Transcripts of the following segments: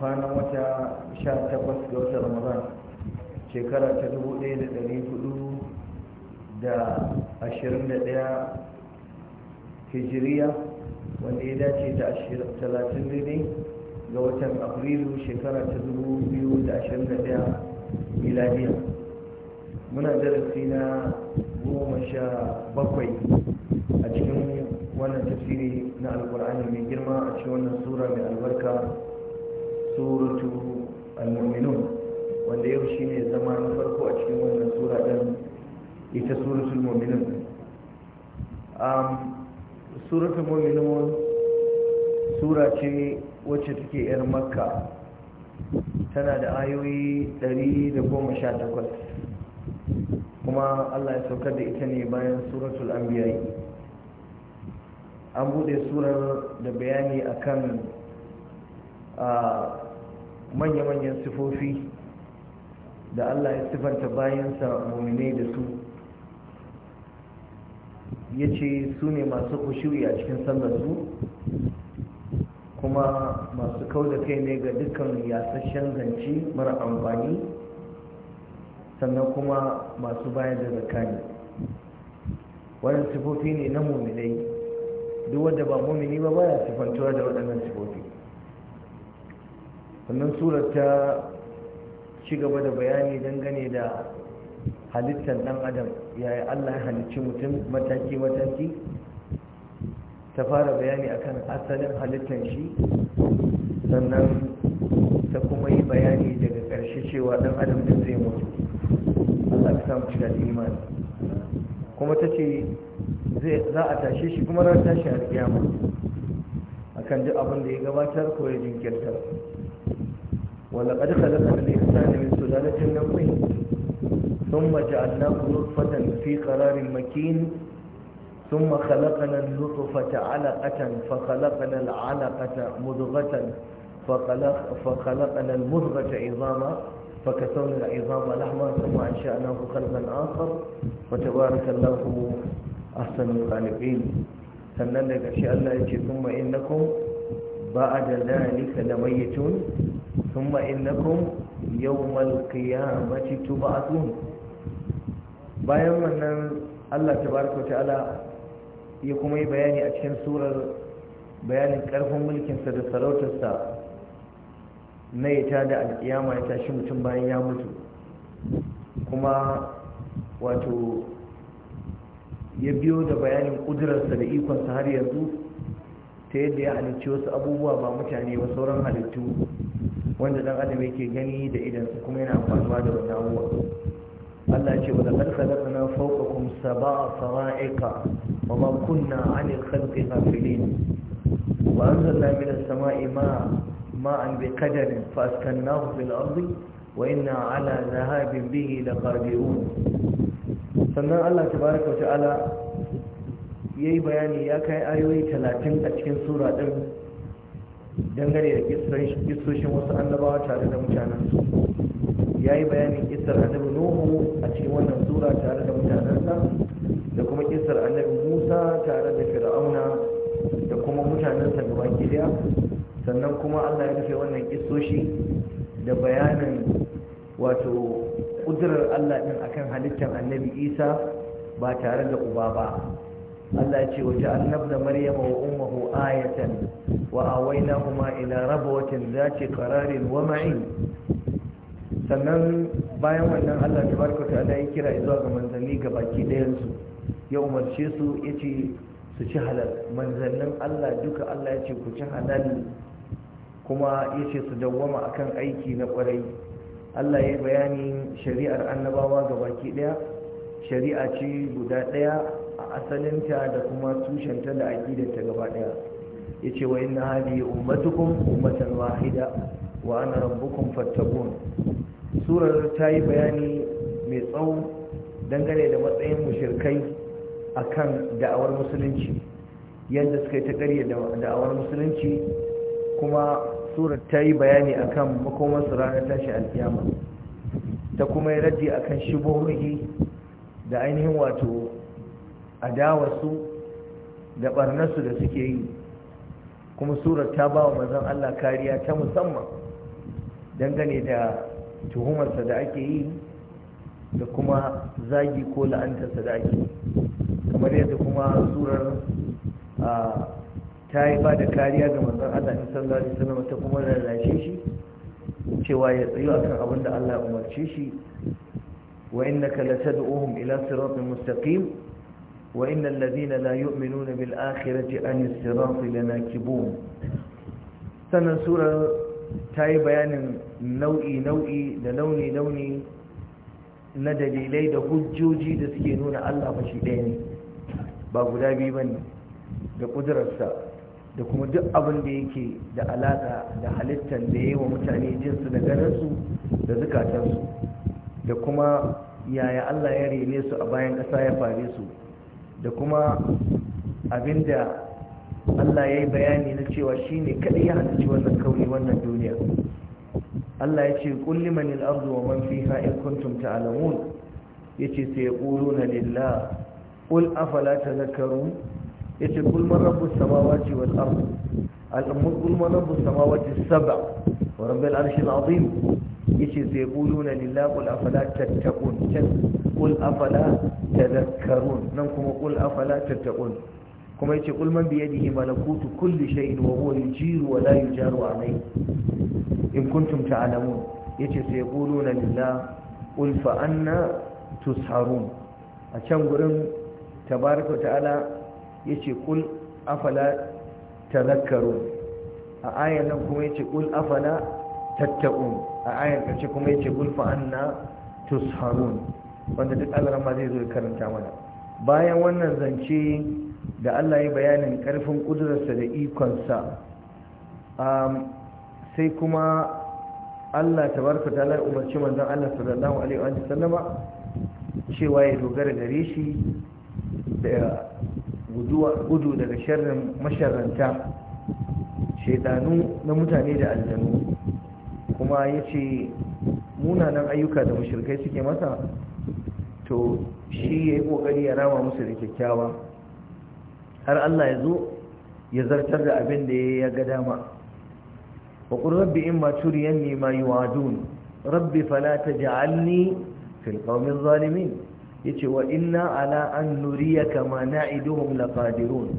kwanan wata takwas ga wata ramadan shekara ta dubu ɗaya da da da hudu ashirin ɗaya hijiriya wanda ya dace da talatin daidai ga watan afrilu shekara ta dubu biyu da da ashirin ɗaya miladiya muna darasi na goma sha bakwai a cikin wannan tafsiri na alkur'ani mai girma a cikin wannan sura mai albarka suratu al-mu'minun wanda yau shine zama na farko a cikin wannan sura din ita al mu'minun um al mu'minun sura ce wacce take yar makka tana da ayoyi 118 kuma Allah ya saukar da ita ne bayan suratul anbiya an bude surar da bayani akan manya-manyan sifofi da Allah ya sifanta bayansa muminai da su ya ce su ne masu kushiri a cikin su kuma masu kau da kai ne ga dukkan yasashen zance mara amfani sannan kuma masu bayan da zakani wannan sifofi ne na muminai duk wadda ba mumini ba ba ya sifantuwa da waɗannan sifofi sannan surar ta ci gaba da bayani dangane da halittar dan adam yaya allah ya halicci mutum mataki-mataki ta fara bayani akan asalin halittar shi sannan ta kuma yi bayani daga ƙarshe cewa dan adam da zai mutu allah ka samu cikin imani kuma ta ce za a tashe shi kuma ran tashi a kiyama akan duk abin da ya gabatar ko ya jinkirtar ولقد خلقنا الإنسان من سلالة من ثم جعلناه نطفة في قرار مكين ثم خلقنا النطفة علقة فخلقنا العلقة مضغة فخلق فخلقنا المضغة عظاما فكسونا العظام لحما ثم أنشأناه خلقا آخر وتبارك الله أحسن الخالقين سنن لك أشياء الله ثم إنكم بعد ذلك لميتون ثم إنكم يوم القيامة تبعثون bayan wannan Allah tabaraka ta'ala ya kuma yi bayani a cikin surar bayanin karfin mulkinsa da sarautarsa na ita da alkiyama ya tashi mutum bayan ya mutu kuma wato ya biyo da bayanin ƙudurarsa da ikonsa har yanzu ta yadda ya halicci wasu abubuwa ba mutane ba sauran halittu wanda dan adam yake gani da idan su kuma yana amfanuwa da wannan abubuwa Allah ce wa laqad khalaqna fawqakum sab'a sara'iqa wa ma kunna 'anil khalqi ghafilin wa anzalna minas sama'i ma'an ma'an biqadarin fa askannahu fil ardi wa inna 'ala dhahabin bihi laqadirun sannan Allah tabaaraka wa ta'ala yayi bayani ya kai ayoyi 30 a cikin sura din dangane da kisoshin wasu annabawa tare da mutanen su ya yi bayanin kisar annabi nuhu a cikin wannan sura tare da mutanensa da kuma kisar annabi musa tare da fir'auna da kuma mutanensa gaba gida, sannan kuma allah ya rufe wannan kisoshi da bayanin wato kudurar allah din akan halittar annabi isa ba tare da uba ba allah ce wata annabna maryama wa ummuhu ayatan وآويناهما إلى ربوة ذات قرار ومعين sannan bayan wannan Allah ta barka ta yi kira zuwa ga manzanni ga baki ɗayansu ya umarce su ya ce su ci halal manzannin Allah duka Allah ya ce ku ci halal kuma ya ce su dawwama akan aiki na kwarai Allah ya bayanin shari'ar annabawa ga baki ɗaya shari'a ce guda ɗaya a asalinta da kuma tushenta da aƙidarta gaba ɗaya yace wa inna hadhihi ummatukum ummatan wahida wa ana rabbukum fattabun? surar ta yi bayani mai tsawo dangane da matsayin mushirkai akan da'awar musulunci yadda suka yi ta da da'awar musulunci kuma surar ta yi bayani akan makomansu ranar tashi alkiyama ta kuma yi raddi akan shibohi da ainihin wato adawarsu da ɓarnarsu da suke yi kuma surar ta ba wa Allah kariya ta musamman dangane da tuhumarsa da ake yi da kuma zagi ko la'antarsa da ake kamar yadda kuma surar ta yi ba da kariya ga mazan Allah in sallallahu alaihi wasallam ta kuma lalace shi cewa ya tsayo akan abin da Allah ya umarce shi wa innaka latad'uhum ila siratin mustaqim وإن الذين لا يؤمنون بالآخرة عن الصراط لناكبون سنة سورة تاي بيان نوئي نوئي da launi launi na dalilai da hujjoji da suke nuna Allah fashi ɗaya ne ba guda biyu bane da kudurarsa da kuma duk abinda da yake da alaƙa da halittar da yayi wa mutane jinsu da ganinsu da zukatansu da kuma yaya Allah ya rene su a bayan ƙasa ya fare su da kuma abinda Allah ya yi bayani na cewa shi ne kaɗai ya halarci wannan kauni wannan duniya Allah ya ce ƙulli manil ardu wa man fiha in kuntum Ya ce sai ya quluna lillah qul afala tadhakkarun Ya ce ƙulmar rabbus samawati wal ard al ƙulmar man rabbus samawati sab'a wa rabbil arshil azim yace sai quluna lillahi qul afala tattaqun qul afala tadhakkarun nan kuma qul afala tattaqun kuma yace qul man bi yadihi malakutu kulli shay'in wa huwa yujiru wa la yujaru alayhi in kuntum ta'lamun sai quluna lillahi qul fa tusharun a can gurin tabaraka yace qul a ayan nan kuma yace qul afala tattaqun a ayan kace kuma yace qul fa anna tusharun wanda duk Allah ma zai zo karanta mana bayan wannan zance da Allah ya bayanin karfin kudurarsa da ikonsa um, sai kuma Allah tabaraka ta'ala ya umarci manzon Allah sallallahu alaihi wa sallama cewa ya dogara gare shi da gudu daga sharrin masharranta shaidanu na mutane da aljanu kuma ya ce munanan ayyuka da mashirkai suke masa to shi ya yi ƙoƙari ya rama musu da kyakkyawa har Allah ya zo ya zartar da abin da ya ga dama wa qur rabbi imma turiyanni ma yu'adun rabbi falata ja'alni fil qawmi adh-dhalimin yace wa inna ala an nuriyaka ma na'iduhum laqadirun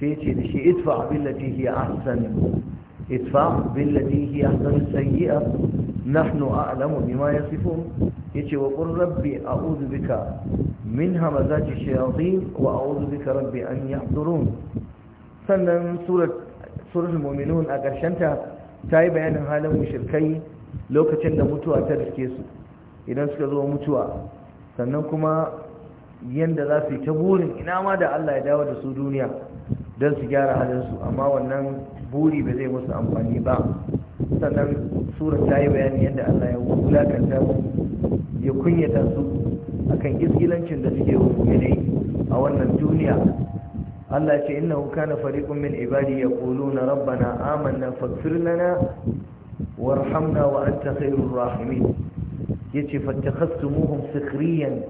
sai ce da shi idfa billati hiya ahsan idfa billati hiya ahsan sayyi'a nahnu a'lamu bima yasifun yace wa qur rabbi a'udhu bika min hamazati shayatin wa a'udhu bika rabbi an yahdurun sannan surat suratul a ƙarshen ta yi bayanin halin mushrikai lokacin da mutuwa ta riske su idan suka zo mutuwa sannan kuma yadda za su yi ta burin ina ma da Allah ya dawo da su duniya don su gyara halinsu amma wannan buri ba zai musu amfani ba sannan surar ta yi bayani yadda allah ya wulakanta su ya kunyata su akan izgilancin da suke mummune a wannan duniya Allah ce innahu na fariƙun min ibadi ya na rabbana na faghfir lana warhamna wa anta khairur rahimin yace fattakhastumuhum sikriyan.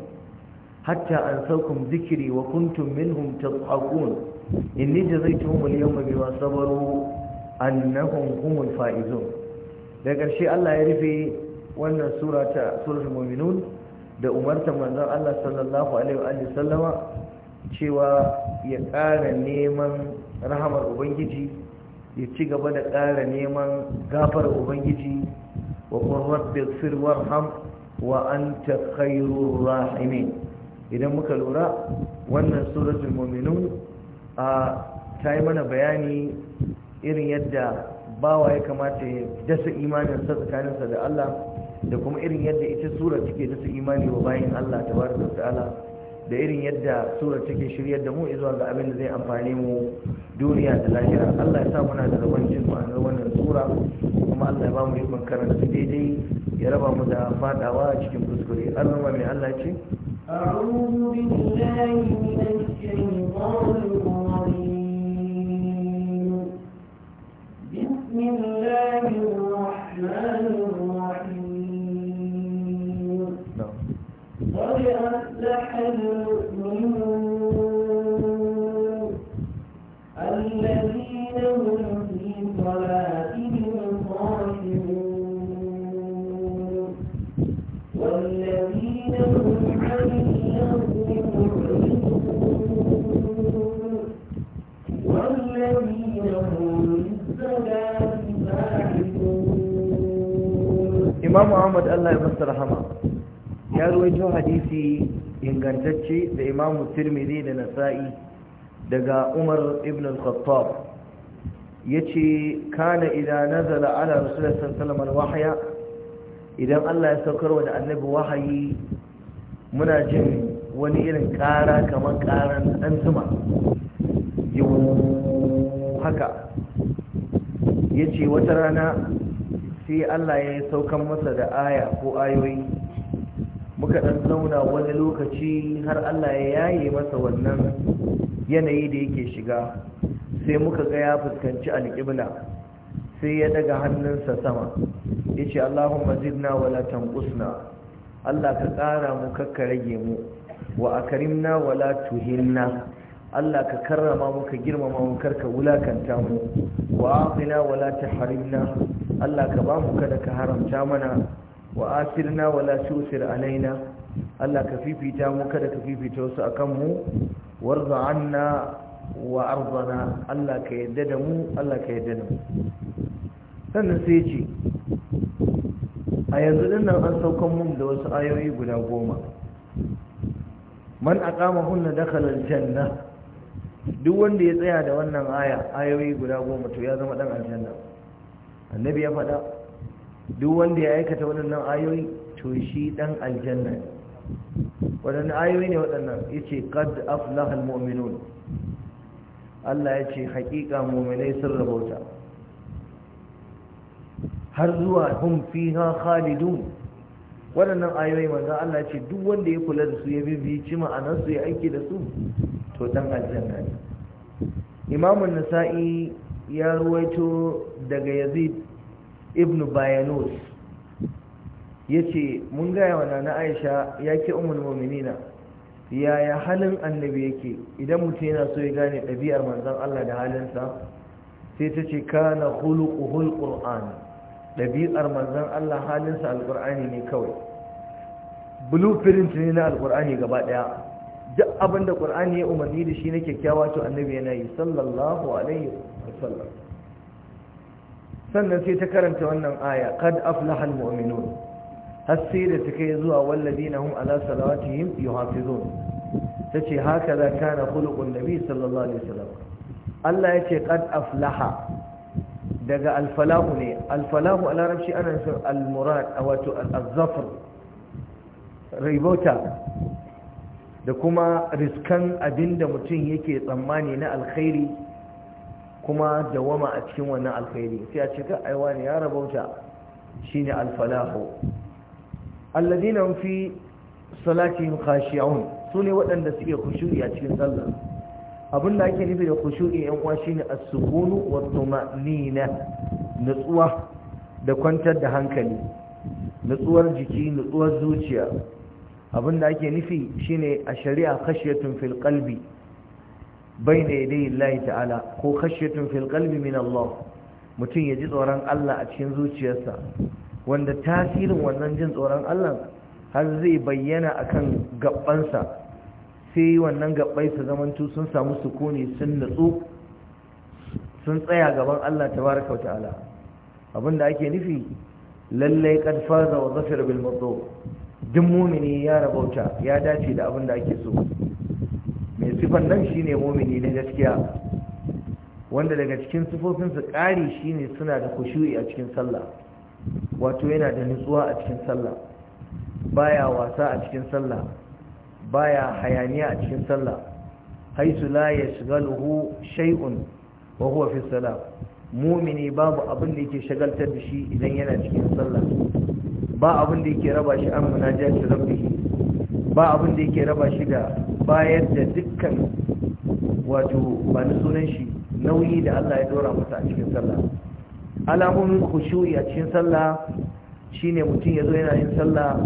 hatta ansawkum zikiri wa kuntum minhum tadhakun inni zai al-yawma bima sabaru annahum humul faizun da ƙarshe Allah ya rufe wannan sura ta suratul mu'minun da umarta manzon Allah sallallahu alaihi wa sallama cewa ya ƙara neman rahamar ubangiji ya ci gaba da ƙara neman gafar ubangiji wa qurrabbi ighfir warham wa anta khairur rahimin idan muka lura wannan suratul mu'minun a ta yi mana bayani irin yadda bawa ya kamata ya dasa imaninsa tsakaninsa da Allah da kuma irin yadda ita sura take dasa imani wa bayan Allah tabaraka ta'ala da irin yadda sura take shiryar da mu zuwa ga abin da zai amfane mu duniya da lahira Allah ya sa muna da rabon jin ma'anar wannan sura kuma Allah ya ba mu ikon karanta daidai ya raba mu da fadawa cikin kuskure Allah mai Allah ce أعوذ بالله من الشيطان الرجيم الله الرحمن الرحيم نعم. قد أفلح المؤمنون Imam ahmad allah ya masa rahama ya ruwaito hadisi ingantacce da Imam tirmidhi da nasa'i daga umar ibn al-khattab yace kana idan nazala ala rasulullahi sallallahu alaihi wahya idan allah ya saukarwa da annabi wahayi muna jin wani irin kara kamar karan dan zuma haka yace wata rana sai Allah ya yi saukan masa da aya ko ayoyi muka ɗan zauna wani lokaci har Allah ya yaye masa wannan yanayi da yake shiga sai muka ga ya fuskanci alƙibla sai ya daga hannunsa sama ya ce Allahumma zidna wala tanqusna Allah ka ƙara mu kakka rage mu wa akrimna wala tuhinna Allah ka karrama mu ka girmama mu karka wulakanta mu wa afina wala tahrimna Allah ka ba mu kada ka haramta mana wa asirna wala tusir alaina Allah ka fifita mu kada ka fifita wasu akan mu warza anna wa arzana Allah ka yadda da mu Allah ka yadda da mu sannan sai ce a yanzu nan an saukan mun da wasu ayoyi guda goma man aqama hunna dakhala aljanna duk wanda ya tsaya da wannan aya ayoyi guda goma to ya zama dan aljanna annabi ya faɗa duk wanda ya aikata waɗannan ayoyi to shi ɗan aljanna ne waɗannan ayoyi ne waɗannan ya ce qad muminu. Allah ya ce haƙiƙa mu'minai sun rabauta har zuwa hum fiha khalidun waɗannan ayoyi manzo Allah ya ce duk wanda ya kula da su ya bibici ma'anarsu ya aiki da su to dan aljanna ne Imamun Nasa'i ya ruwaito daga yazid ibn bayanus ya ce mun gaya wa nana aisha ya ke umar mominina yaya halin annabi yake idan mutum yana so ya gane ɗabi'ar manzan Allah da halinsa sai ta ce kana hulukuhul ƙur'an ɗabi'ar manzan Allah halinsa alƙur'ani ne kawai blueprint ne na alƙur'ani gaba ɗaya duk abin da ƙur'ani ya umarni da shi na kyakkyawa to annabi yana yi sallallahu alaihi sannan sai ta karanta wannan aya qad aflaha almu'minun da ta zuwa walladina hum ala salawatihim yuhafizun tace haka da kana khuluqun nabi sallallahu alaihi wasallam Allah yace qad aflaha daga alfalahu ne alfalahu a larabci ana nufin almurad wato al-zafr ribota da kuma riskan abinda mutum yake tsammani na alkhairi kuma dawama a cikin wannan alkhairi sai a cika ka aiwa ne ya rabauta shine alfalahu alladina fi salatihim khashi'un sune waɗanda suke khushu'i a cikin sallah abin da ake nufi da khushu'i yan uwa shine as-sukunu wa tuma'nina nutsuwa da kwantar da hankali nutsuwar jiki nutsuwar zuciya abin da ake nufi shine a shari'a khashiyatun fil qalbi baina yadayi Allah ta'ala ko khashyatun fil qalbi min Allah mutum ya ji tsoron Allah a cikin zuciyarsa wanda tasirin wannan jin tsoron Allah har zai bayyana akan gabansa sai wannan gabbai su zamantu sun samu sukuni sun nutsu sun tsaya gaban Allah tabaraka wata'ala abinda ake nufi lallai kad faza wa zafir bil duk mumini ya rabauta ya dace da abinda ake so mai sifan nan shine mumini na gaskiya wanda daga cikin sifofinsa ƙari shine suna da kushuri a cikin sallah wato yana da nutsuwa a cikin sallah baya wasa a cikin sallah baya hayaniya a cikin sallah haisu la shiga shay'un wa huwa fi salah mumini babu abin da yake shagaltar da shi idan yana cikin sallah ba abin da yake raba shi an munajati rabbihi ba abin da yake raba shi da bayar da dukkan wato ba na sunan shi nauyi da Allah ya dora masa a cikin sallah alamun khushu'i a cikin sallah shine mutum yazo yana yin sallah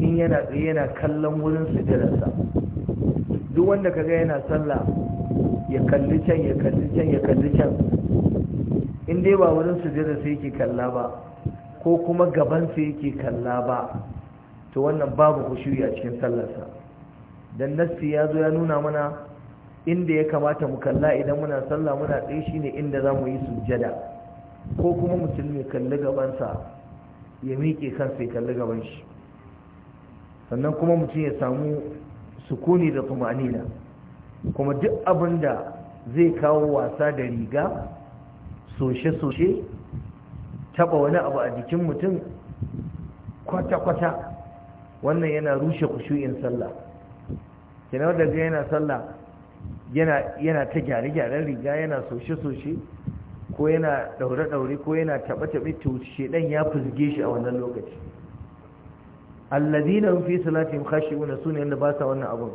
in yana yana kallon wurin sujudarsa duk wanda kaga yana sallah ya kalli can ya kalli can ya kalli can in dai ba wurin sujudar sai yake kalla ba ko kuma gaban sai yake kalla ba to wannan babu khushu'i a cikin sallarsa dan nassi ya zo ya nuna mana inda ya kamata mu kalla idan muna sallah muna tsaye shine inda zamu yi sujjada ko kuma musulmi ya kalli gabansa ya miƙe kansa ya kalli gaban shi sannan kuma mutum ya samu sukuni da tumanina kuma duk abin da zai kawo wasa da riga soshe-soshe taba wani abu a jikin mutum kwata-kwata wannan yana rushe kushu'in sallah kina wanda ga yana sallah yana yana ta gyare gyaren riga yana soshe soshe ko yana daure daure ko yana taba taba to shedan ya fuzge shi a wannan lokaci alladhina fi salatihim khashi'una sunan da ba sa wannan abun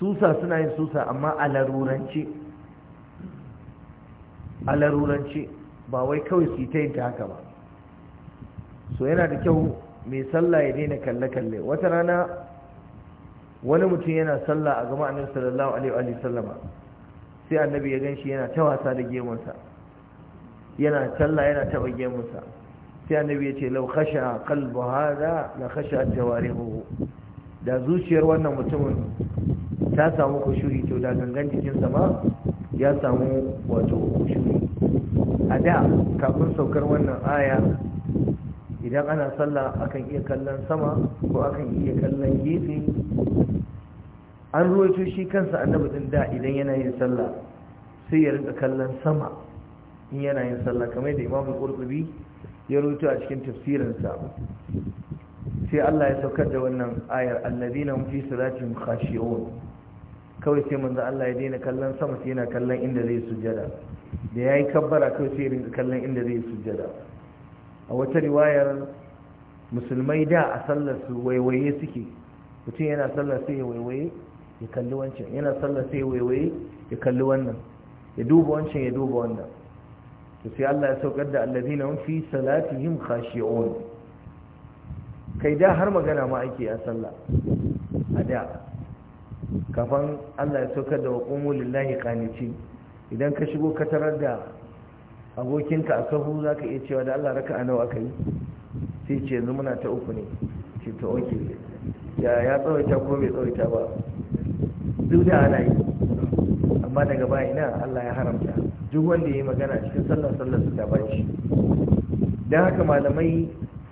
susa suna yin susa amma a larurance ba wai kawai su yi ta yin ta haka ba so yana da kyau mai sallah ya daina kalle-kalle wata rana wani mutum yana sallah a gama annabi sallallahu alaihi wa sallama sai annabi ya ganshi yana ta wasa da gemunsa yana sallah yana taba gemunsa sai annabi ya ce law khasha qalbu hada la khasha jawarihu da zuciyar wannan mutumin ta samu kushuri to da gangan jikinsa ma ya samu wato kushuri a da kafin saukar wannan aya idan ana sallah akan iya kallon sama ko akan iya kallon gefe an ruwaito shi kansa annabi din da idan yana yin sallah sai ya rinka kallon sama in yana yin sallah kamar da Imam Qurtubi ya ruwaito a cikin tafsirinsa sai Allah ya saukar da wannan ayar alladina hum fi salatihim khashi'un kawai sai manzo Allah ya daina kallon sama sai yana kallon inda zai sujjada da yayi kabbara kawai sai rinka kallon inda zai sujjada a wata riwayar musulmai da a sallar su waiwaye suke mutum yana sallar sai ya waiwaye ya kalli wancan yana sallah sai waiwai ya kalli wannan ya duba wancan ya duba wannan to sai Allah ya saukar da allazina hum fi salatihim khashi'un kai da har magana ma ake a sallah a da kafan Allah ya saukar da waqumu lillahi qanitin idan ka shigo ka tarar da abokinka a za zaka iya cewa da Allah raka'a nawa kai sai ce yanzu muna ta uku ne ce ta oke ya ya tsawaita ko bai tsawaita ba da ana yi amma daga baya ina Allah ya haramta duk wanda ya yi magana cikin sallar sallar su ta bashi don haka malamai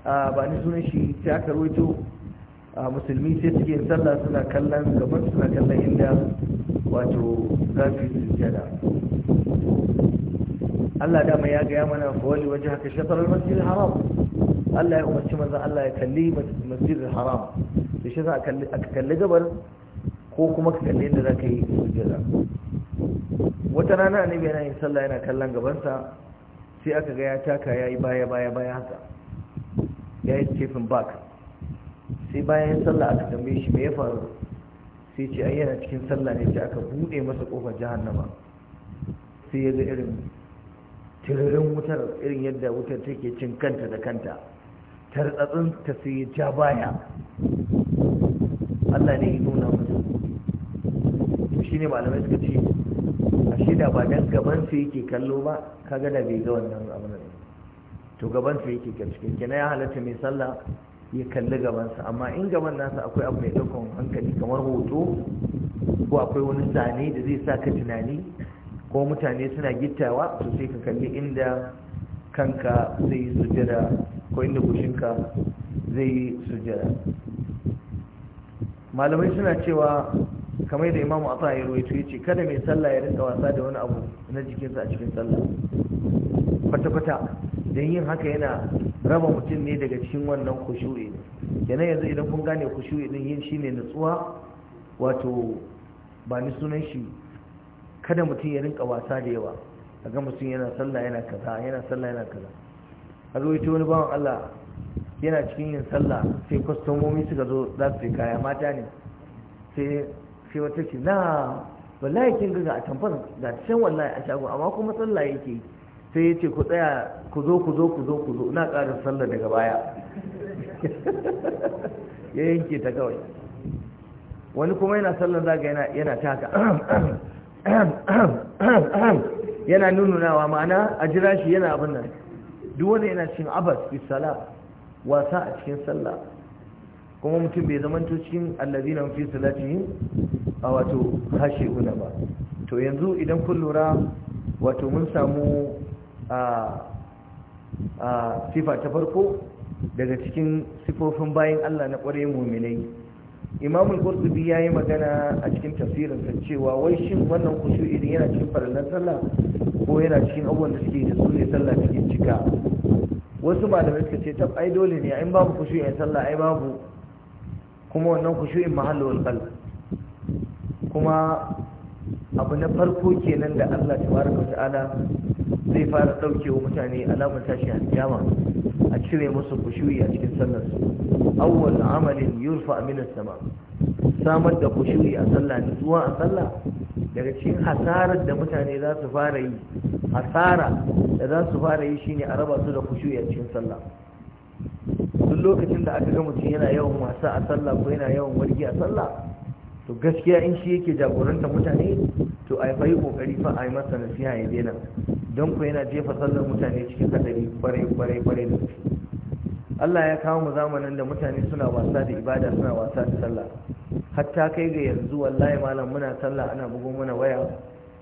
ba ni sunan shi ta aka roto musulmi sai suke sallah suna kallon gaban suna kallon inda wato za su yi sujjada Allah dama ya gaya mana fawali waje haka shatarar masjidil haram Allah ya umarci manzan Allah ya kalli masjidil haram da shi za a kalli gabar ko kuma ka kalli za zaka yi sujjada wata rana annabi yana yin sallah yana kallon gabansa sai aka ga ya taka yayi baya baya baya haka yayi kefin bak sai bayan sallah aka tambaye shi me ya faru sai ce ai yana cikin sallah ne sai aka bude masa kofar jahannama sai ya ga irin tiririn wutar irin yadda wutar take cin kanta da kanta tartsatsin ta sai ya ja baya Allah ne ya nuna masa ne malamai suka ce a shi da ba dan gaban su yake kallo ba kaga da bai ga wannan abin to gaban su yake ga cikin kina ya halatta mai sallah ya kalli gabansa amma in gaban nasa akwai abu mai ɗaukan hankali kamar hoto ko akwai wani zane da zai sa ka tunani ko mutane suna gittawa to sai ka kalli inda kanka zai yi sujjada ko inda gushinka zai yi sujjada malamai suna cewa kamar yadda imamu a ya ruwaito ya ce kada mai sallah ya rinka wasa da wani abu na jikinsa a cikin sallah kwata-kwata don yin haka yana raba mutum ne daga cikin wannan kushuri kenan yanzu idan kun gane kushuri din yin shi ne nutsuwa wato ba ni sunan shi kada mutum ya rinka wasa da yawa a ga mutum yana sallah yana kaza yana sallah yana kaza a wani bawan Allah yana cikin yin sallah sai kwastomomi suka zo za su kaya mata ne sai sai wata ce na wallahi kin ga a tamfar ga can wallahi a shago amma kuma sallah yake sai ya ce ku tsaya ku zo ku zo ku zo ku zo na ƙarin sallah daga baya ya yanke ta kawai wani kuma yana sallar zaga yana yana taka yana nununawa ma'ana a jira shi yana abin nan duk wanda yana cikin abas fi wasa a cikin sallah kuma mutum bai zamanta cikin allazina fi salati a wato una ba to yanzu idan kun lura wato mun samu a sifa ta farko daga cikin sifofin bayan Allah na kwarai mu'minai imamul ya yi magana a cikin tafsirinsa cewa wai shin wannan kushu'i idan yana cikin farallan sallah ko yana cikin abubuwan da suke da su ne sallah cikin cika wasu malamai suka ce tab ai dole ne in babu kushu'i a sallah ai babu kuma wannan khushu'in mahallul qalb kuma abu na farko kenan da Allah tabaraka ta'ala zai fara wa mutane alamun tashi alkiyama a cire musu khushu'i a cikin sallar su awwal amalin yurfa min as-sama samar da khushu'i a sallah zuwa a sallah daga cikin hasarar da mutane za su fara yi hasara da za su fara yi shine a raba su da khushu'i a cikin sallah duk lokacin da aka ga mutum yana yawan wasa a sallah ko yana yawan wargi a sallah to gaskiya in shi yake jagoranta mutane to a fa yi kokari fa a yi masa nasiha ya daina don ku yana jefa sallar mutane cikin hadari kwarai kwarai kwarai da Allah ya kawo mu zamanin da mutane suna wasa da ibada suna wasa da sallah hatta kai ga yanzu wallahi malam muna sallah ana bugo mana waya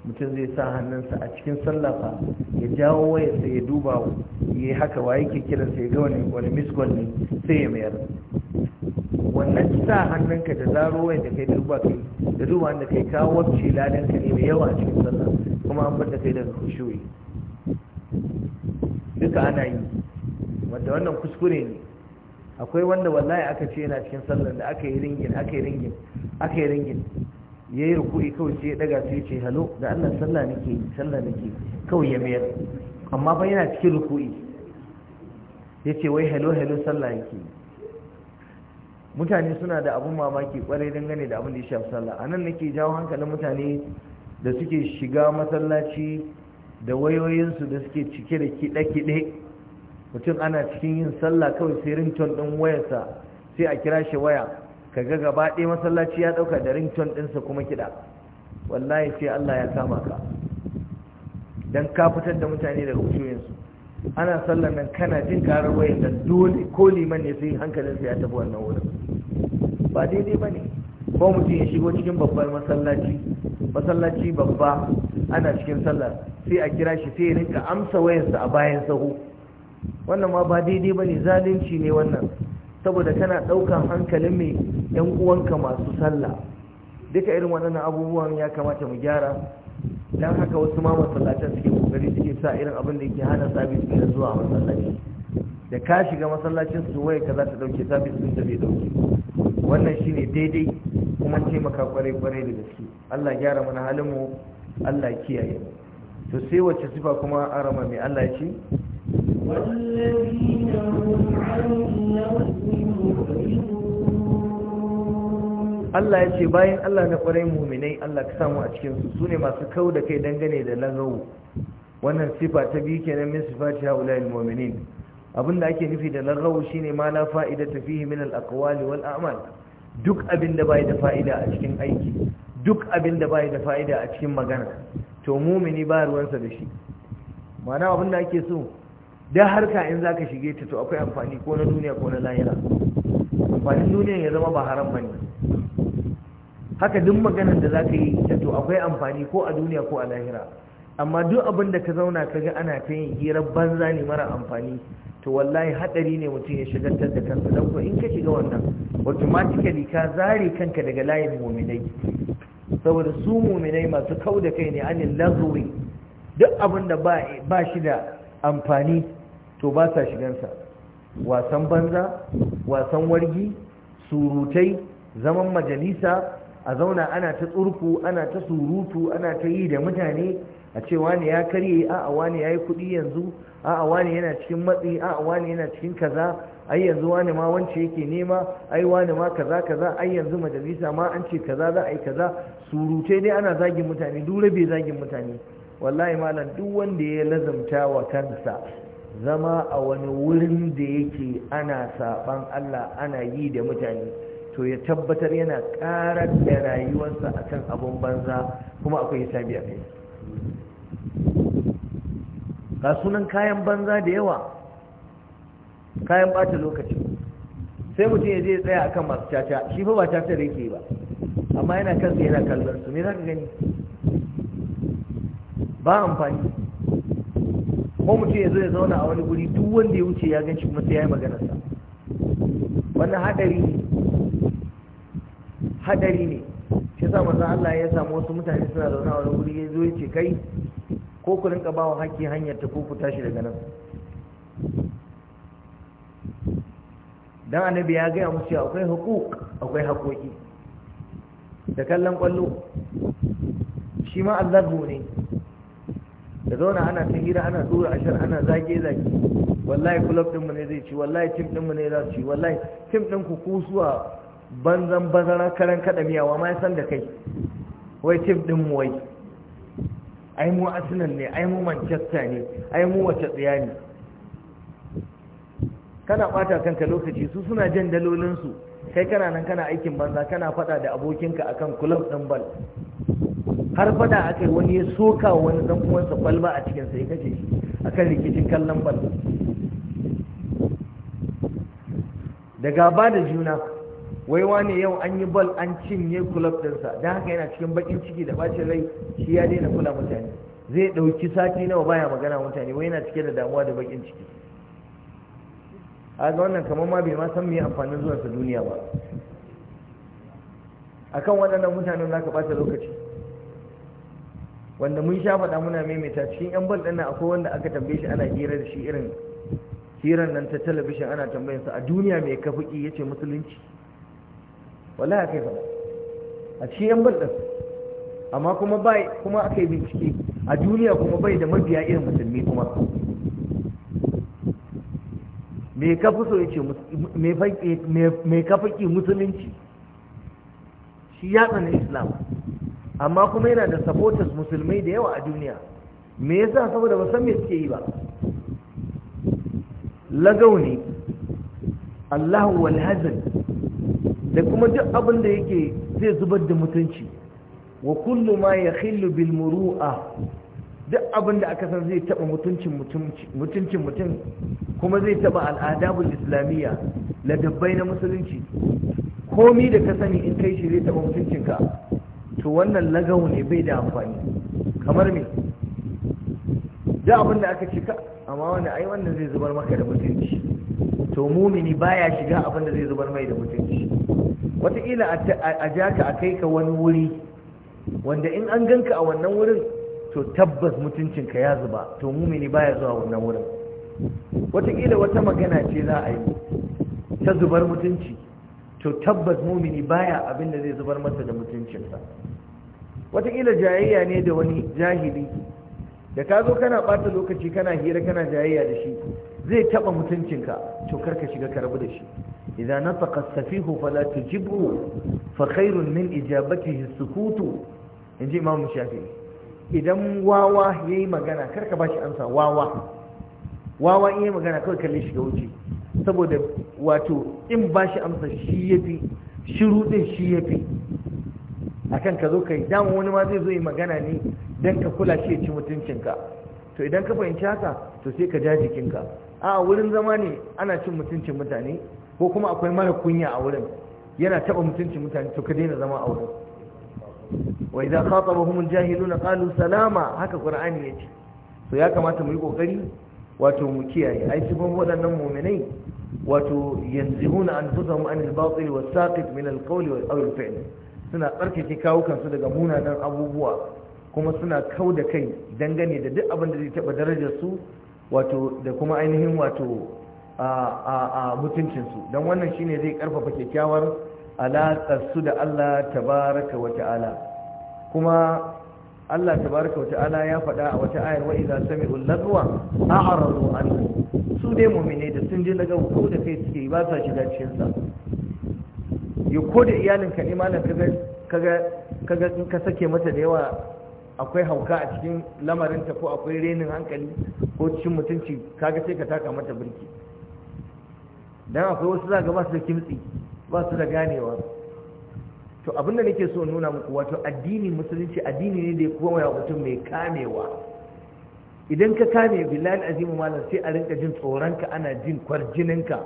mutum zai sa hannunsa a cikin sallafa ya jawo wayarsa ya duba ya yi haka wa ke kiransa ya ga wani wani misgol ne sai ya mayar wannan sa hannunka da zaro waya da kai duba kai da duba da kai kawo wacce ladan ka ne mai yawa a cikin sallah kuma an bar kai daga kushuwi duka ana yi wanda wannan kuskure ne akwai wanda wallahi aka ce yana cikin sallar da aka yi ringin aka yi ringin aka yi ringin ya yi ruku'i kawai sai ya daga sai ce halo da Allah sallah nake yi sallah nake kawai ya mayar amma fa yana cikin rukuri ya ce wai halo halo sallah yake yi mutane suna da abun mamaki kwarai dangane da abin da ya shafi sallah a nan nake jawo hankalin mutane da suke shiga masallaci da wayoyinsu da suke cike da kiɗe-kiɗe mutum ana cikin yin sallah kawai sai rinton ɗin wayarsa sai a kira shi waya Ka ga gaba ɗaya masallaci ya ɗauka da rington ɗinsa kuma kiɗa wallahi sai Allah ya kama ka don ka fitar da mutane daga wuciyoyinsu ana sallar nan kana jin karar wayar da dole ko liman ne sai hankalinsa ya tafi wannan wurin ba daidai ba ne ko mutum ya shigo cikin babbar masallaci masallaci babba ana cikin sallar sai a kira shi sai ya rinka amsa wayarsa a bayan sahu wannan ma ba daidai ba ne zalunci ne wannan saboda kana ɗaukan hankalin mai ‘yan uwanka masu sallah duka irin waɗannan abubuwan ya kamata mu gyara don haka wasu ma masallacin suke kokari suke sa irin abin da yake hana sabis ɗin zuwa masallaci da ka shiga masallacin su waye ka za ta ɗauke sabis ɗin da bai ɗauke wannan shine daidai kuma taimaka kwarai kwarai da gaske Allah gyara mana halin mu Allah kiyaye to sai wacce sifa kuma arama mai Allah ci? ce Allah ya ce bayan Allah na ƙwarai muminai Allah ka samu a cikinsu su ne masu kau da kai dangane da lagawo wannan sifa ta biyu kenan min sifati haula'il mu'minin abinda ake nufi da lagawo shine ma la fa'idata fihi min al-aqwali wal a'mal duk abinda bai da fa'ida a cikin aiki duk abin abinda bai da fa'ida a cikin magana to mumini ba ruwansa da shi Mana abin da ake so da harka in za ka shige ta to akwai amfani ko na duniya ko na lahira amfanin duniya ya zama ba haram ba haka duk maganar da za ka yi ta to akwai amfani ko a duniya ko a lahira amma duk abin da ka zauna ka ga ana ta yin hirar banza ne mara amfani to wallahi hadari ne mutum ya shagaltar da kansa don ko in ka shiga wannan automatically ka zare kanka daga layin muminai saboda su muminai masu kau da kai ne anil lazuri duk abin da ba shi da amfani to ba sa shigansa wasan banza wasan wargi surutai zaman majalisa a zauna ana ta tsurku ana ta surutu ana ta yi da mutane a ce wani ya karye a'a wani ya yi kuɗi yanzu a'a wani yana cikin matsi a'a wani yana cikin kaza ai yanzu wani ma wance yake nema ai wani ma kaza kaza ai yanzu majalisa ma an ce kaza za a yi kaza surutai dai ana zagin mutane dure bai zagin mutane wallahi malam duk wanda ya lazamta wa kansa zama a wani wurin da yake ana saban Allah ana yi da mutane to ya tabbatar yana karar da rayuwarsa a kan abin banza kuma akwai hisabi a kai ga sunan kayan banza da yawa kayan bata lokaci sai mutum ya je tsaya akan masu caca shi fa ba caca da yake ba amma yana kansa yana kallon su ne za ka gani ba amfani ko mutum ya zo ya zauna a wani guri duk wanda ya wuce ya ganci kuma sai ya yi maganarsa wannan hadari ne hadari ne shi sa manzo Allah ya samu wasu mutane suna zauna a wani guri ya zo ya ce kai ko ku rinka bawa haƙƙi hanyar ta ko ku tashi daga nan dan annabi ya gaya musu cewa akwai hukuk akwai hakoki. da kallon kwallo. shi ma azzabu ne da zauna ana ta hira ana dura ashar ana zage zage wallahi club din mu ne zai ci wallahi team din mu ne za su ci wallahi team din ku suwa banzan bazara karan kada miyawa ma san da kai wai team din mu wai ai mu arsenal ne ai mu manchester ne ai mu wace tsiya ne kana bata kanka lokaci su suna jan dalolin su kai kana nan kana aikin banza kana fada da abokinka akan club din bal har fada aka yi wani ya soka wani dan uwansa kwalba a cikin sai kace shi akan rikicin kallon bal da gaba da juna wai wane yau an yi bal an cinye din sa don haka yana cikin bakin ciki da bacin rai shi ya daina kula mutane zai ɗauki sati nawa baya magana mutane wai yana cike da damuwa da bakin ciki a ga wannan kamar ma bai ma san me amfanin sa duniya ba akan waɗannan mutanen za ka ɓata lokaci wanda mun sha faɗa muna maimaita cikin yan bal ɗin akwai wanda aka tambaye shi ana hira da shi irin hiran nan ta talabishin ana tambayin sa a duniya mai kafuki yace musulunci wallahi kai faɗa a cikin yan bal ɗin amma kuma bai kuma aka yi bincike a duniya kuma bai da mabiya irin musulmi kuma me ka so ya ce mai kafuki musulunci shi ya tsanin islam amma kuma yana da supporters musulmai da yawa a duniya me yasa saboda ba san me suke yi ba gau ne Allahu wal hazan da kuma duk abin da yake zai zubar da mutunci wa kullu ma yakhillu bil muru'a duk abin da aka san zai taba mutuncin mutuncin mutum kuma zai taba al'adabul islamiyya ladabbai na musulunci komi da ka sani in kai shi zai taba mutuncinka to wannan lagawu ne bai da amfani kamar me da abin da aka cika amma wanda ai wannan zai zubar maka da mutunci to mumini baya shiga abin da zai zubar mai da mutunci wataƙila a ja ka a kai ka wani wuri wanda in an ganka a wannan wurin to tabbas mutuncinka ya zuba to mumini baya zuwa wannan wurin wataƙila wata magana ce za a yi ta zubar mutunci to tabbas mumini baya abin da zai zubar masa da mutuncinsa wataƙila jayayya ne da wani jahili da ka zo kana bata lokaci kana hira kana jayayya da shi zai taɓa mutuncinka to karka shiga karbu da shi idza nataqa safihu fala tujibu fa khairun min ijabatihi sukutu inji imamu Shafi. idan wawa yayi magana karka bashi amsa wawa wawa in yayi magana kawai kalle shi ga wuce saboda wato in ba shi amsa shi ya fi shiru ɗin shi ya fi akan ka zo kai dama wani ma zai zo yi magana ne don ka kula shi ya ci mutuncinka to idan ka fahimci haka to sai ka ja jikinka a wurin zama ne ana cin mutuncin mutane ko kuma akwai mara kunya a wurin yana taɓa mutuncin mutane to ka daina zama a wurin wa idan khatabahum aljahiluna qalu salama haka qur'ani yace to ya kamata mu yi kokari wato mu kiyaye ai sifan waɗannan mu'minai wato yanzu huna an an batil wa saƙit min al wa aw fa'in suna tsarkake kawukan su daga munanan abubuwa kuma suna kau da kai dangane da duk abin da zai taɓa darajar su wato da kuma ainihin wato a mutuncinsu don wannan shine zai karfafa kyakkyawar alaƙar su da Allah tabaraka wa ta'ala kuma Allah tabaraka wata'ala ya faɗa a wata ayar wa idza sami'u lagwa a'radu anhu su dai mu'mine da sun je daga ko da kai suke ba sa shiga cikin sa ya ko da iyalin ka imanin kaga in ka sake mata da yawa akwai hauka a cikin lamarin ta ko akwai renin hankali ko cikin mutunci kaga sai ka taka mata birki dan akwai wasu zaga ba su da kimtsi ba su da ganewa to abinda nake so nuna muku wato addini musulunci addini ne da ya koma ya mutum mai kamewa idan ka kame billahi azimu malam sai a rinka jin tsoronka ana jin kwarjininka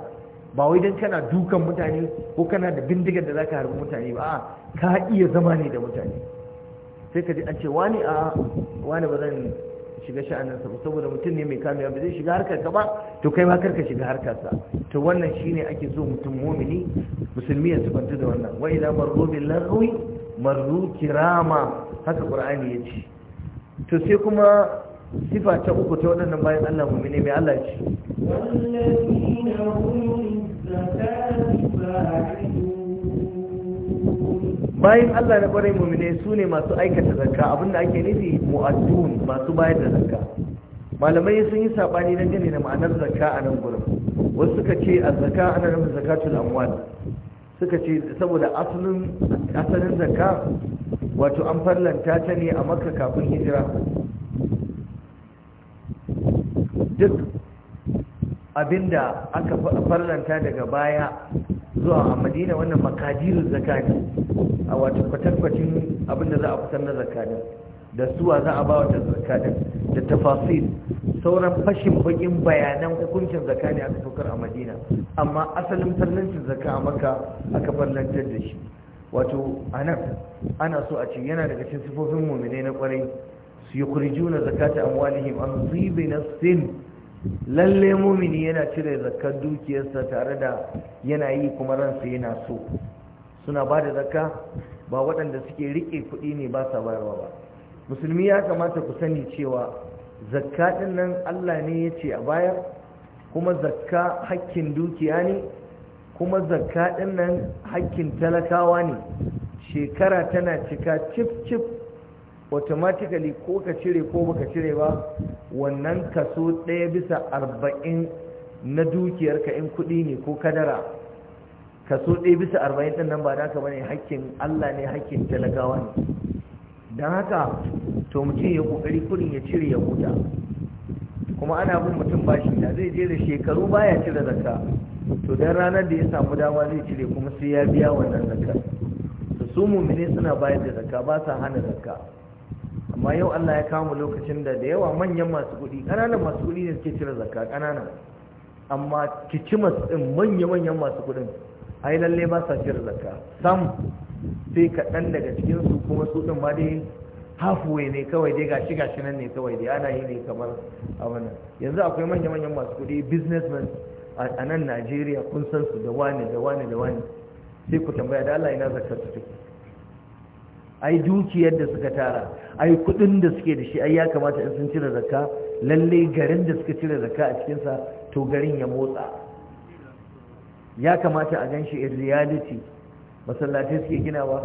ba wai dan kana dukan mutane ko kana da bindigar da zaka harbi mutane ba ka iya zama ne da mutane sai ka ji an ce wani a wani ba zan shiga sha'aninsa ba saboda mutum ne mai kamewa ba zai shiga harkarka ba to kai ma karka shiga harkarsa to wannan shine ake so mutum mumini musulmi ya sufanta da wannan wa idza marru bil lagwi marru kirama haka qur'ani ya ce to sai kuma sifa ta uku ta waɗannan bayan Allah mumini mai Allah ya ce wallazina hum zakatu bayan Allah na ƙwarai mummune su ne masu aikata zarka abinda ake nufi mu'addun masu bayar da zarka malamai sun yi saɓani na gani na ma'anar zarka a nan gurin wasu suka ce a zarka ana nufin tun amwal suka ce saboda asalin asalin zakka wato an farlanta ta ne a makka kafin hijira duk abinda aka farlanta daga baya zuwa a madina wannan makadirun zakka ne a wata kwatakwacin abin da za a fitar na zakadin da suwa za a ba wa zakadin da tafasil sauran fashin bakin bayanan hukuncin zakani aka saukar a madina amma asalin fallancin zaka a maka aka fallantar da shi wato anan ana so a ce yana daga cikin sifofin muminai na kwarai su yi na zakata amwalihim an zibi na sin lalle mumini yana cire zakar dukiyarsa tare da yana yi kuma ransa yana so suna ba da zakka ba waɗanda suke riƙe kuɗi ne ba sa bayarwa ba musulmi ya kamata ku sani cewa zakka ɗin nan allah ne ya ce a bayar kuma zakka hakkin dukiya ne kuma zakka ɗin nan hakkin talakawa ne shekara tana cika cif cif automatically ko ka cire ko baka cire ba wannan kaso ɗaya bisa arba'in na dukiyarka in kuɗi ne ko kadara kaso ɗaya bisa arba'in ɗin nan ba naka ne hakkin Allah ne hakkin talakawa ne don haka to mutum ya ƙoƙari kurin ya cire ya huta kuma ana bin mutum bashi da zai je da shekaru baya cire zakka to don ranar da ya samu dama zai cire kuma sai ya biya wannan zakka to su mummine suna bayar da zakka ba sa hana zakka amma yau Allah ya kama lokacin da da yawa manyan masu kuɗi ƙananan masu kuɗi ne suke cire zakka ƙananan amma kicimas ɗin manya-manyan masu kuɗin ai lalle ba sa cire zakka sam sai kaɗan daga cikinsu kuma su ɗin ma dai halfway ne kawai dai ga shi nan ne kawai dai ana yi ne kamar abin yanzu akwai manya-manyan masu kuɗi businessmen a nan najeriya kun san su da wani da wani da wani sai ku tambaya da allah ina zakar su take ai dukiyar da suka tara ai kuɗin da suke da shi ai ya kamata in sun cire zakka lalle garin da suka cire zakka a cikinsa to garin ya motsa ya kamata a gan shi in reality masallatai suke ginawa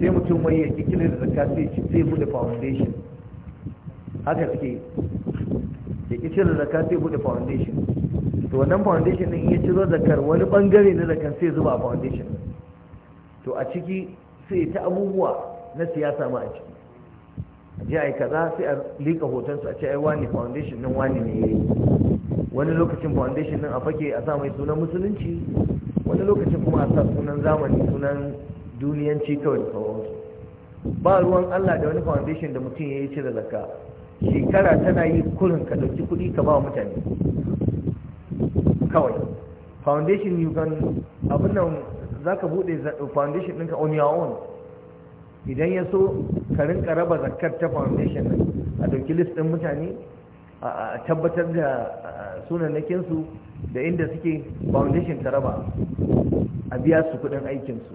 sai mutum wai ya kikilin da zakka sai bude foundation haka suke ya kikilar da zakka sai bude foundation to wannan foundation din ya ciro zakar wani bangare na zakar sai zuba a foundation to a ciki sai ta abubuwa na siyasa ma a ciki a ji a yi kaza sai a liƙa hotonsu a ce ai wani foundation din wani ne ya yi wani lokacin foundation din a fake a sa mai sunan musulunci wani lokacin kuma a sa sunan zamani sunan duniyanci kawai da sauransu ba ruwan Allah da wani foundation da mutum ya yi cire zakka shekara tana yi kurin ka ɗauki kuɗi ka ba wa mutane kawai foundation you can abin nan za ka buɗe foundation ɗinka on your own idan ya so ka rinka raba zakkar ta foundation ɗin a ɗauki list ɗin mutane a tabbatar da sunannakinsu da inda suke foundation ta raba a biya su kudin aikinsu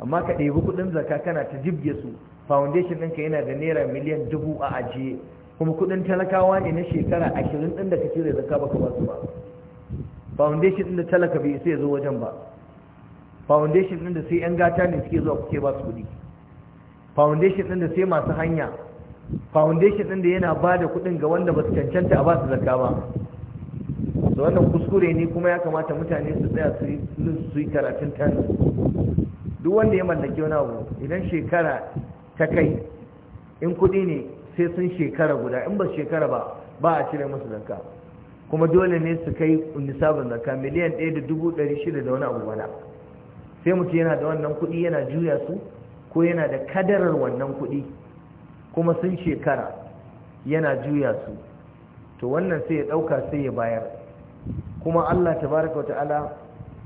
amma ka ɗebi kudin zaka kana ta jibge su foundation ɗinka yana da naira miliyan dubu a ajiye kuma kudin talakawa ne na shekara ashirin ɗin da ka cire zaka baka ba su ba foundation ɗin da talaka bai sai zo wajen ba foundation ɗin da sai 'yan gata ne suke zuwa kuke ba su kuɗi foundation ɗin da sai masu hanya foundation din da yana ba da kuɗin ga wanda ba su cancanta a ba su zakka ba da wannan kuskure ne kuma ya kamata mutane su tsaya su yi karatun tani duk wanda ya mallaki wani abu idan shekara ta kai in kuɗi ne sai sun shekara guda in ba shekara ba ba a cire musu zakka kuma dole ne su kai nisabin zakka miliyan ɗaya da dubu ɗari shida da wani abu bana sai mutum yana da wannan kuɗi yana juya su ko yana da kadarar wannan kuɗi kuma sun shekara yana juya su to wannan sai ya ɗauka sai ya bayar kuma Allah tabaraka wata'ala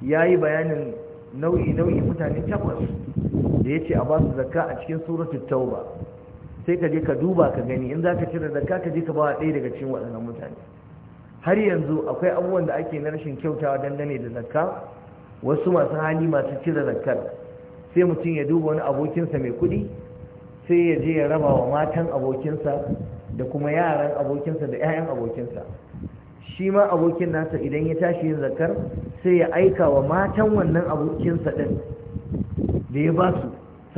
ya yi bayanin nau'i-nau'i mutane takwas da ya ce a basu zakka a cikin suratul tauba sai ka je ka duba ka gani in za ka cire zakka ka je ka ba ɗaya daga cikin waɗannan mutane har yanzu akwai abubuwan da ake na rashin kyautawa dangane da zakka wasu masu hali masu cire zakkar sai mutum ya duba wani abokinsa mai kuɗi sai ya je ya raba wa matan abokinsa da kuma yaran abokinsa da 'ya'yan abokinsa shi ma abokin nasa idan ya tashi yin zakar sai ya aika wa matan wannan abokinsa ɗin da ya ba su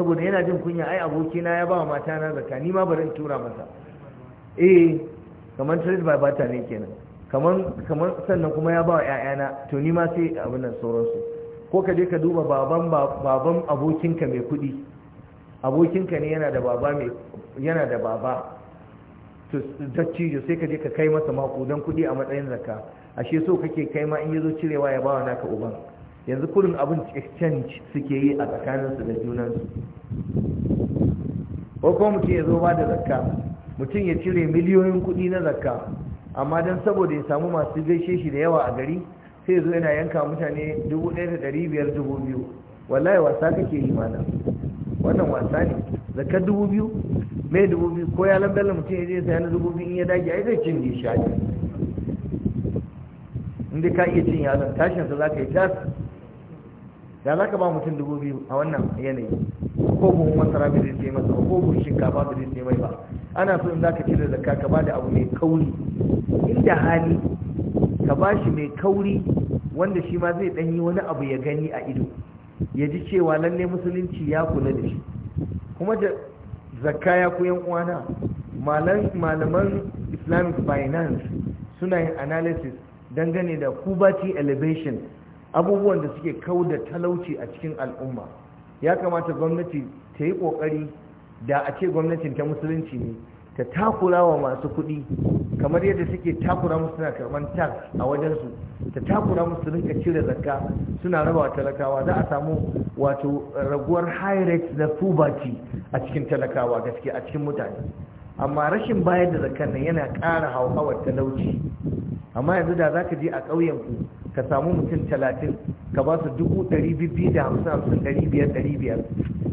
saboda yana jin kunya ai abokina ya ba wa matana zakka ni ma bari in tura masa eh kamar trade by barter ne kenan kamar sannan kuma ya ba wa 'ya'yana to ni ma sai abin nan sauransu ko ka je ka duba baban baban abokinka mai kuɗi abokinka ne yana da baba mai yana da baba to dattijo sai ka je ka kai masa mako don kuɗi a matsayin zakka ashe so kake kai ma in yazo cirewa ya bawa naka uban yanzu kurin abin exchange suke yi a tsakaninsu da junansu ko kuma mutum zo ba da zakka mutum ya cire miliyoyin kuɗi na zakka amma dan saboda ya samu masu gaishe shi da yawa a gari sai zo yana yanka mutane 1,500 2,000 wallahi wasa kake yi mana wannan wasa ne zaka dubu biyu mai dubu biyu ko ya lambar da mutum ya je saya na dubu biyu in ya dage ai zai cinye shi haji inda ka iya cin yaron tashin sa zaka yi tas da zaka ba mutum dubu biyu a wannan yanayi ko buhun masara bai zai masa ko buhun shinkafa bai zai mai ba ana so in zaka cire zakka ka ba da abu mai kauri inda hali ka ba shi mai kauri wanda shi ma zai ɗanyi wani abu ya gani a ido ya ji cewa lalle musulunci ya kula da shi kuma da zakka ya ku uwana malaman islamic finance suna yin analysis dangane da kubati elevation abubuwan da suke kau da talauci a cikin al'umma ya kamata gwamnati ta yi kokari da a ce gwamnatin ta musulunci ne ta takura wa masu kuɗi kamar yadda suke takura musu suna karɓar tax a wajensu ta takura musu rinka cire zakka suna raba wa talakawa za a samu wato raguwar high rate na poverty a cikin talakawa gaske a cikin mutane amma rashin bayar da zakkan nan yana ƙara hauhawar talauci amma yanzu da zaka je a ƙauyen ku ka samu mutum talatin ka ba su dubu ɗari biyu da hamsin hamsin ɗari biyar ɗari biyar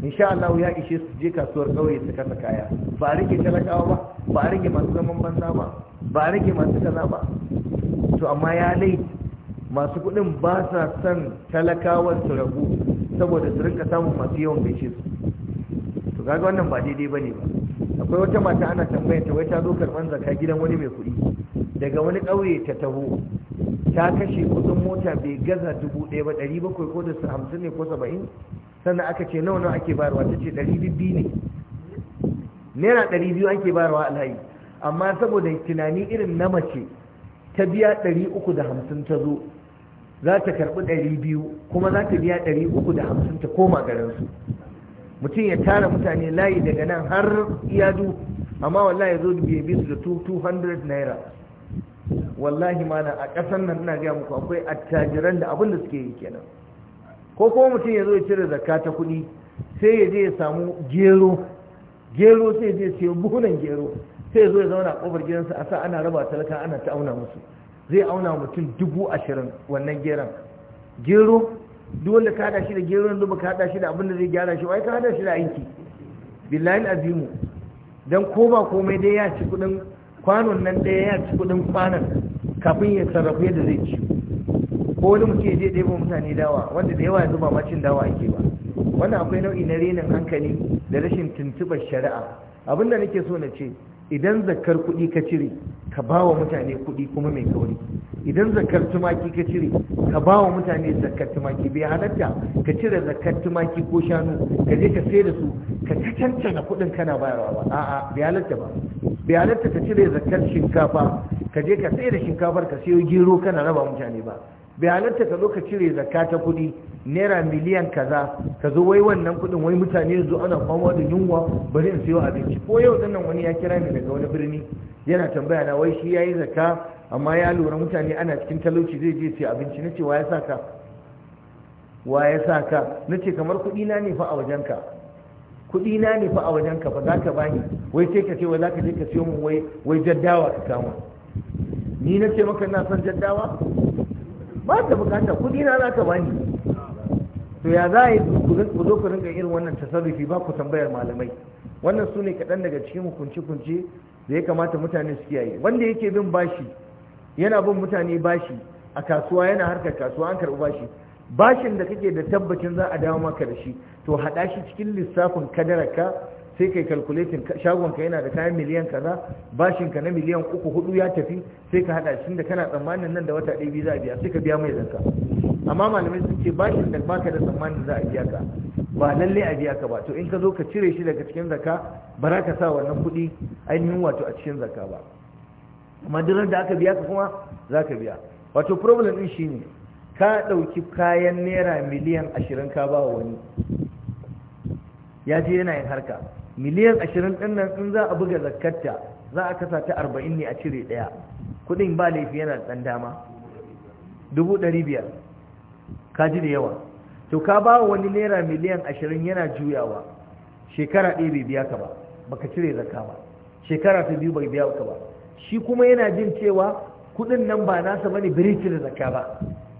insha Allah ya ishe su je kasuwar kauye su kasa kaya ba a rike talakawa ba ba a rike masu zaman banza ba ba a rike masu kaza ba to amma ya lai masu kuɗin ba sa son talakawar su ragu saboda su rinka samun masu yawan gaishe su to kaga wannan ba daidai bane ba akwai wata mata ana tambayar ta wai ta zo karban zakka gidan wani mai kuɗi daga wani ƙauye ta taho ta kashe kudin mota bai gaza dubu ɗaya ba ɗari bakwai ko da hamsin ne ko saba'in sannan aka ce nawa nawa ake bayarwa ta ce ɗari bibbi ne naira ɗari biyu ake bayarwa alhaji amma saboda tunani irin na mace ta biya ɗari uku da hamsin ta zo za ta karɓi ɗari biyu kuma za ta biya ɗari uku da hamsin ta koma garinsu mutum ya tara mutane layi daga nan har iyadu amma wallahi ya zo biye bisu da 200 naira wallahi mana a ƙasar nan na gaya muku akwai attajiran da abin da suke yi kenan ko kuma mutum ya zo ya cire zakka ta kuɗi sai ya je ya samu gero gero sai je siyo buhunan gero sai zo ya zauna kofar gidansa a sa ana raba talaka ana ta auna musu zai auna mutum dubu ashirin wannan geron gero duk wanda ka hada shi da gero duk ka hada shi da abin da zai gyara shi wai ka hada shi da aiki billahi azimu dan ko ba komai dai ya ci kudin kwanon nan dai ya ci kudin kwanon kafin ya sarrafa yadda zai ci ko wani mutum ya je ɗebo mutane dawa wanda da yawa yanzu ba macin dawa ake ba wannan akwai nau'i na renin hankali da rashin tuntuɓar shari'a abin da nake so na ce idan zakar kuɗi ka cire ka ba wa mutane kuɗi kuma mai kauri idan zakar tumaki ka cire ka ba wa mutane zakar tumaki bai halatta ka cire zakar tumaki ko shanu ka je ka sai da su ka cancana kuɗin kana bayarwa ba a'a bai halatta ba bai halatta ka cire zakar shinkafa ka je ka sai da shinkafar ka sayo gero kana raba mutane ba bai halatta ka zo ka cire zakka ta kuɗi naira miliyan kaza ka zo wai wannan kuɗin wai mutane zo ana fama da yunwa bari in siyo abinci ko yau din nan wani ya kira ni daga wani birni yana tambaya na wai shi yayi zakka amma ya lura mutane ana cikin talauci zai je sai abinci nace wa ya saka wa ya saka nace kamar kuɗi na ne fa a wajenka kuɗi na ne fa a wajenka ba za ka bani wai sai ka ce wai za ka je ka siyo min wai wai jaddawa ka kama ni nace maka na san jaddawa ba ta bukata kudi na za ka bani to ya za a yi ku zo ku rinka irin wannan tasarrufi ba ku tambayar malamai wannan su ne kaɗan daga cikin hukunci-kunci da ya kamata mutane su kiyaye wanda yake bin bashi yana bin mutane bashi a kasuwa yana harkar kasuwa an karɓi bashi bashin da kake da tabbacin za a dawo maka da shi to haɗa shi cikin lissafin kadararka sai kai calculating shagon ka yana da kayan miliyan kaza bashin ka na miliyan uku hudu ya tafi sai ka hada shi da kana tsammanin nan da wata ɗaya biyu za a biya sai ka biya mai zanka amma malamai sun ce bashin da baka da tsammanin za a biya ka ba lalle a biya ka ba to in ka zo ka cire shi daga cikin zaka ba za ka sa wannan kuɗi ainihin wato a cikin zaka ba amma duk da aka biya ka kuma za ka biya wato problem din ne ka ɗauki kayan naira miliyan ashirin ka ba wani ya je yana yin harka miliyan ashirin ɗin nan in za a buga zakarta za a kasa ta arba'in ne a cire ɗaya kuɗin ba laifi yana da ɗan dama dubu ɗari biyar ka ji da yawa to ka ba wani naira miliyan ashirin yana juyawa shekara ɗaya bai biya ka ba baka cire zakka ba shekara ta biyu bai biya ka ba shi kuma yana jin cewa kuɗin nan ba nasa bane biri cire zakka ba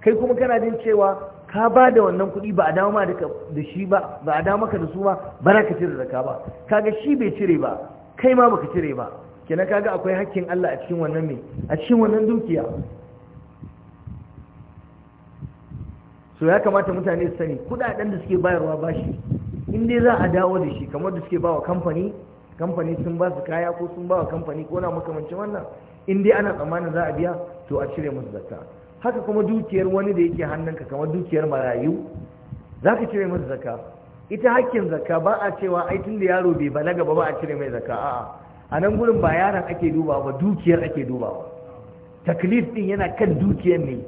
kai kuma kana jin cewa ka ba da wannan kuɗi ba a dawo da shi ba ba a dawo maka da su ba ba na ka cire da ka ba kaga shi bai cire ba kai ma baka cire ba kenan kaga akwai hakkin Allah a cikin wannan me a cikin wannan dukiya so ya kamata mutane su sani kudaden da suke bayarwa bashi in dai za a dawo da shi kamar da suke ba wa kamfani kamfani sun ba su kaya ko sun ba wa kamfani ko na makamancin wannan in dai ana tsammanin za a biya to a cire musu zakka haka kuma dukiyar wani da yake hannunka kamar dukiyar marayu za ka cire masa zaka ita hakkin zaka ba a cewa ai tun da yaro bai balaga ba ba a cire mai zaka a'a a nan gurin ba yaron ake duba ba dukiyar ake ba taklif din yana kan dukiyar ne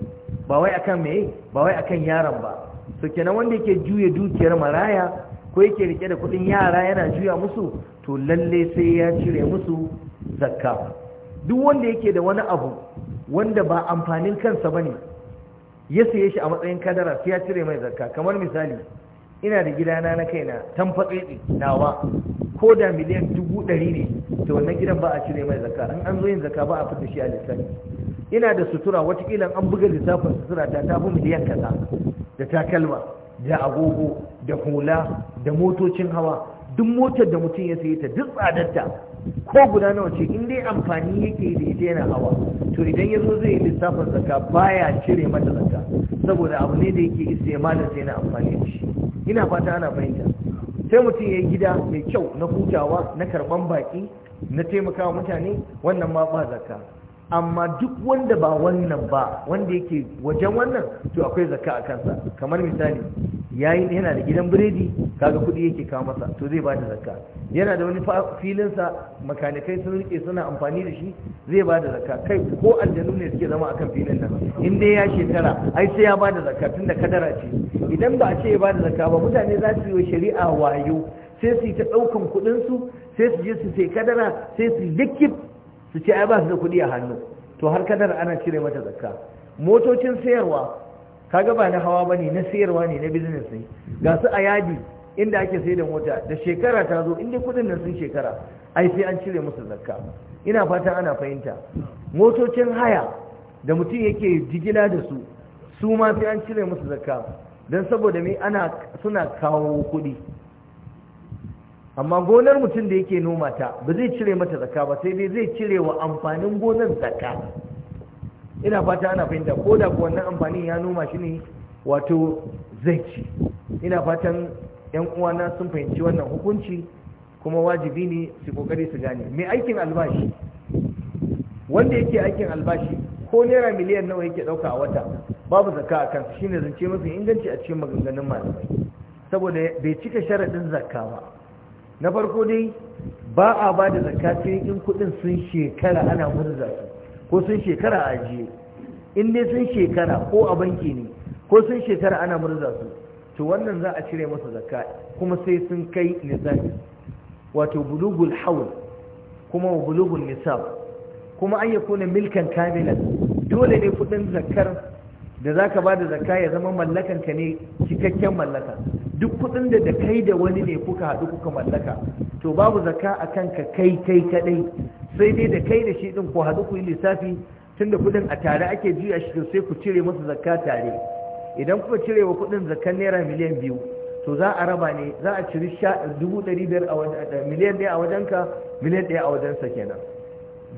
ba wai akan me ba wai akan yaron ba to kenan wanda yake juya dukiyar maraya ko yake rike da kudin yara yana juya musu to lalle sai ya cire musu zakka duk wanda yake da wani abu wanda ba amfanin kansa ba ne ya saye shi a matsayin kadara sai ya cire mai zakka kamar misali ina da gidana na kaina tamfatsi nawa ko da miliyan dubu ɗari ne to wannan gidan ba a cire mai zakka in an zo yin zakka ba a fita shi a lissafi ina da sutura watakila an buga lissafin sutura ta tafi miliyan kaza da takalma da agogo da hula da motocin hawa duk motar da mutum ya sayi ta duk tsadarta ko guda nawa ce in dai amfani yake da ita yana hawa to idan ya zo zai yi lissafin zakka baya cire mata zakka saboda abu ne da yake isa istimalin sai na amfani da shi ina fata ana fahimta sai mutum ya yi gida mai kyau na hutawa na karban baki na taimakawa mutane wannan ma ba zakka amma duk wanda ba wannan ba wanda yake wajen wannan to akwai zakka a kansa kamar misali yayi yana da gidan biredi kaga kuɗi yake kawo masa to zai bada zakka yana da wani filin sa makanikai sun rike suna amfani da shi zai bada zakka kai ko aljanu ne suke zama akan filin nan in dai ya shekara ai sai ya bada zakka da kadara ce idan ba a ce ya bada zakka ba mutane za su yi shari'a wayo sai su yi ta ɗaukan kuɗinsu su sai su je su sai kadara sai su likif su ce ai ba su da kuɗi a hannu to har kadara ana cire mata zakka motocin sayarwa kaga ba na hawa bane na sayarwa ne na business ne ga su a yadi inda ake sai da mota da shekara ta zo inda kudin nan sun shekara ai sai an cire musu zakka ina fatan ana fahimta motocin haya da mutum yake jigila da su su ma sai an cire musu zakka don saboda me ana suna kawo kudi amma gonar mutum da yake noma ta ba zai cire mata zakka ba sai dai zai cire wa amfanin gonar zakka ina fata ana fahimta ko da wannan amfani ya noma shi ne wato zai ci ina fatan yan uwana sun fahimci wannan hukunci kuma wajibi ne su kokari su gane mai aikin albashi wanda yake aikin albashi ko naira miliyan nawa yake dauka a wata babu zakka a kansa shine zance mafi inganci a cikin maganganun malamai saboda bai cika sharaɗin zakka ba na farko dai ba a ba da zakka sai in kuɗin sun shekara ana su ko sun shekara a ajiye in dai sun shekara ko a banki ne ko sun shekara ana murza su to wannan za a cire masa zakka kuma sai sun kai nisabi wato bulugul hawl kuma bulugul nisab kuma an yakuna milkan kamilan dole ne kudin zakkar da zaka da zakka ya zama mallakan ka ne cikakken mallaka duk kudin da da kai da wani ne kuka haɗu kuka mallaka to babu zakka akan ka kai kai kadai sai dai da kai da shi din ku haɗu ku yi lissafi tunda kuɗin a tare ake juya shi sai ku cire masa zakka tare idan kuka cire wa kuɗin zakkan naira miliyan biyu to za a raba ne za a ciri dubu ɗari biyar a eh, miliyan ɗaya a ka miliyan ɗaya a wajen sa kenan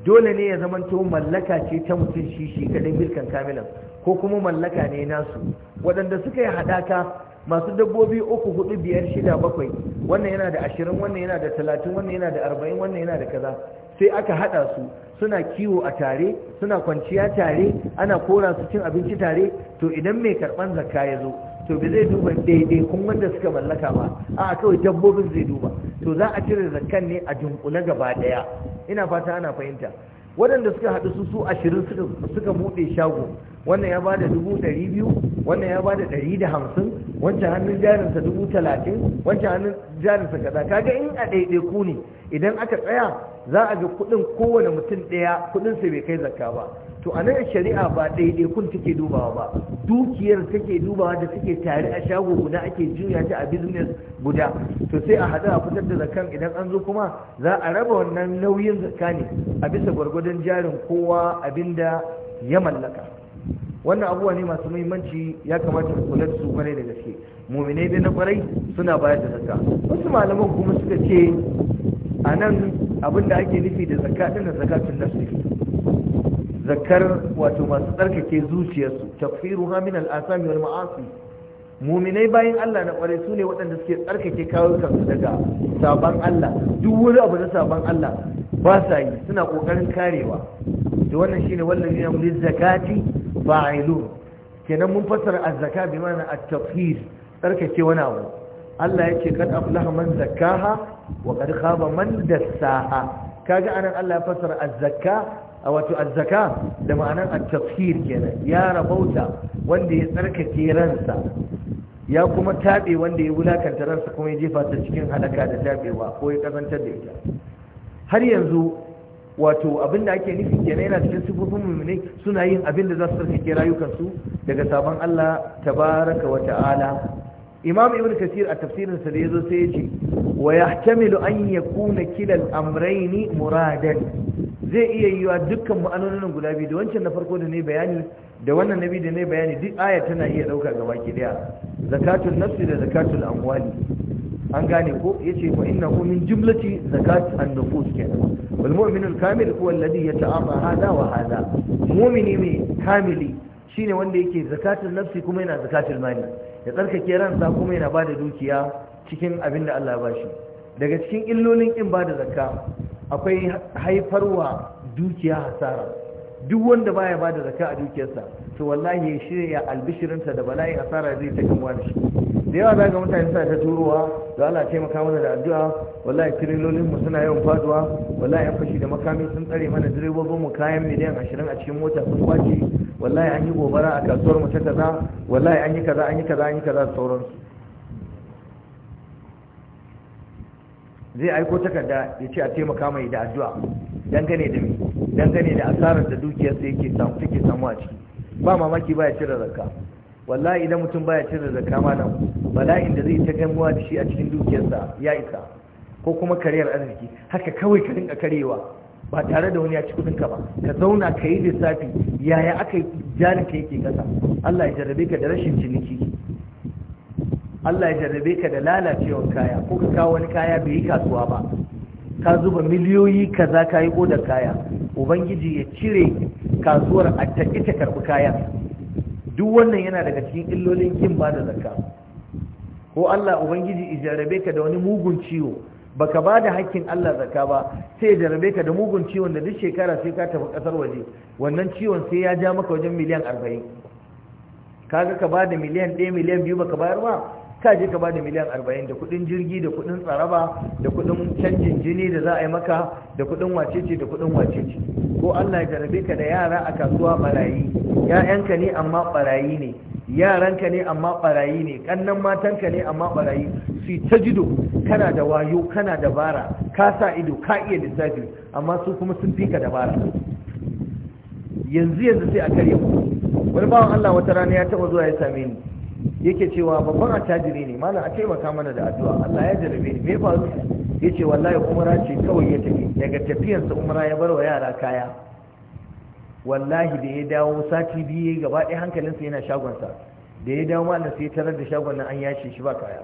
dole ne ya zama to mallaka ce ta mutum shi shi kaɗai milkan kamilan ko kuma mallaka ne nasu waɗanda suka yi haɗaka masu dabbobi uku hudu biyar shida bakwai wannan yana da ashirin wannan yana da talatin wannan yana da arba'in wannan yana da kaza sai aka haɗa su suna kiwo a tare suna kwanciya tare ana kora su cin abinci tare to idan mai karɓar zakka ya zo to bai zai duba daidai kun wanda suka mallaka ba a kawai dabbobin zai duba to za a cire zakkan ne a dunkule gaba ɗaya ina fata ana fahimta waɗanda suka haɗu su su ashirin suka buɗe shago wannan ya bada dubu ɗari biyu wannan ya bada ɗari da hamsin wancan hannun jarinsa dubu talatin wancan hannun jarinsa kaza kaga in a ɗaiɗaiku ne idan aka tsaya za a ga kuɗin kowane mutum ɗaya kuɗinsa bai kai zakka ba to a nan shari'a ba daidai kun take dubawa ba dukiyar take dubawa da take tare a shago guda ake juya ta a business guda to sai a hada a fitar da zakan idan an zo kuma za a raba wannan nauyin zakka ne a bisa gwargwadon jarin kowa abinda ya mallaka wannan abubuwa ne masu muhimmanci ya kamata mu kula da su kwarai da gaske muminai dai na kwarai suna bayar da zakka wasu malaman kuma suka ce a nan abinda ake nufi da zakka ɗin da zakatun nasiri zakar wato masu tsarkake zuciyarsu takfiruha min al wal ma'asi muminai bayan Allah na kware su ne waɗanda suke tsarkake kansu daga sabon Allah duk wani abu na sabon Allah ba sa yi suna ƙoƙarin karewa da wannan shine wannan na mulin zakati fa'ilun kenan mun fassara az-zaka bi ma'ana at-tafhir tsarkake wani abu Allah yake kad aflaha man zakkaha wa kad khaba man dassaha kaga anan Allah ya fassara az-zakka a wato azzaka da ma'anar at-tafhir kenan ya rabauta wanda ya tsarkake ransa ya kuma taɓe wanda ya wulakanta ransa kuma ya jefa ta cikin halaka da taɓewa ko ya kazantar da ita har yanzu wato abin da ake nufin kenan yana cikin sifofin mummune suna yin abin da za su tsarkake rayukansu daga sabon Allah tabaraka wa ta'ala imam ibn kasir a tafsirin sa da zo sai ya ce wa yahtamilu an yakuna kilal amrayni muradan zai iya yiwa dukkan ma'anonin guda biyu da wancan na farko da ne bayani da wannan nabi da ne bayani duk aya tana iya dauka gaba ki daya zakatul nafsi da zakatul amwali an gane ko yace fa hu min jumlati zakat an-nufus kenan wal mu'minu al-kamil huwa alladhi yata'ama hada wa hada mu'mini mai kamili shine wanda yake zakatul nafsi kuma yana zakatul mali ya tsarkake ransa kuma yana bada dukiya cikin abinda Allah ya bashi daga cikin illolin in bada zakka akwai haifarwa dukiya hasara duk wanda baya bada zakka a dukiyarsa to wallahi ya shirya albishirinta da bala'i hasara zai ta kamuwa da shi da yawa za ga mutane suna ta turowa da Allah taimaka mana da addu'a wallahi tirilolin mu suna yawan faduwa wallahi an fashi da makami sun tsare mana direbobin mu kayan miliyan ashirin a cikin mota sun kwace wallahi an yi gobara a kasuwar mu ta kaza wallahi an yi kaza an yi kaza an yi kaza da sauransu zai aiko takarda ya ce a taimaka mai da addu'a dangane da dangane da asarar da dukiyarsa yake samu take samu a ciki ba mamaki baya cire zakka wallahi idan mutum baya cire zakka malam bala'in da zai ta gamuwa da shi a cikin dukiyarsa ya isa ko kuma kariyar arziki haka kawai ka rinka karewa ba tare da wani ya ci kudin ka ba ka zauna ka yi lissafi yaya aka yi jarin ka yake kasa Allah ya jarrabe ka da rashin ciniki Allah ya jarrabe ka da lalacewar kaya ko ka kawo wani kaya bai yi kasuwa ba ka zuba miliyoyi kaza ka yi odar kaya ubangiji ya cire kasuwar a taƙi ta karɓi kayan duk wannan yana daga cikin illolin kin ba da zakka ko Allah ubangiji ya jarrabe ka da wani mugun ciwo baka ba da hakkin Allah zakka ba sai ya jarrabe ka da mugun ciwon da duk shekara sai ka tafi kasar waje wannan ciwon sai ya ja maka wajen miliyan arba'in kaga ka ba da miliyan ɗaya miliyan biyu ka bayar ba ka je ka bada miliyan arba'in da kudin jirgi da kudin tsaraba da kudin canjin jini da za a yi maka da kudin wacece da kudin wacece ko Allah ya jarabe ka da yara a kasuwa barayi ƴaƴanka ne amma barayi ne yaranka ne amma barayi ne kannan matanka ne amma barayi su ta jido kana da wayo kana da bara ka sa ido ka iya lissafi amma su kuma sun fi ka dabara yanzu yanzu sai a karya wani bawan Allah wata rana ya taba zuwa ya same ni yake cewa babban attajiri ne malam a taimaka mana da addu'a Allah ya jarabe ni me su yace wallahi umra ce kawai ya tafi daga tafiyarsa umra ya bar wa yara kaya wallahi da ya dawo sati biyu gaba ɗaya hankalinsa yana shagonsa da ya dawo malam sai tarar da shagon nan an yashe shi ba kaya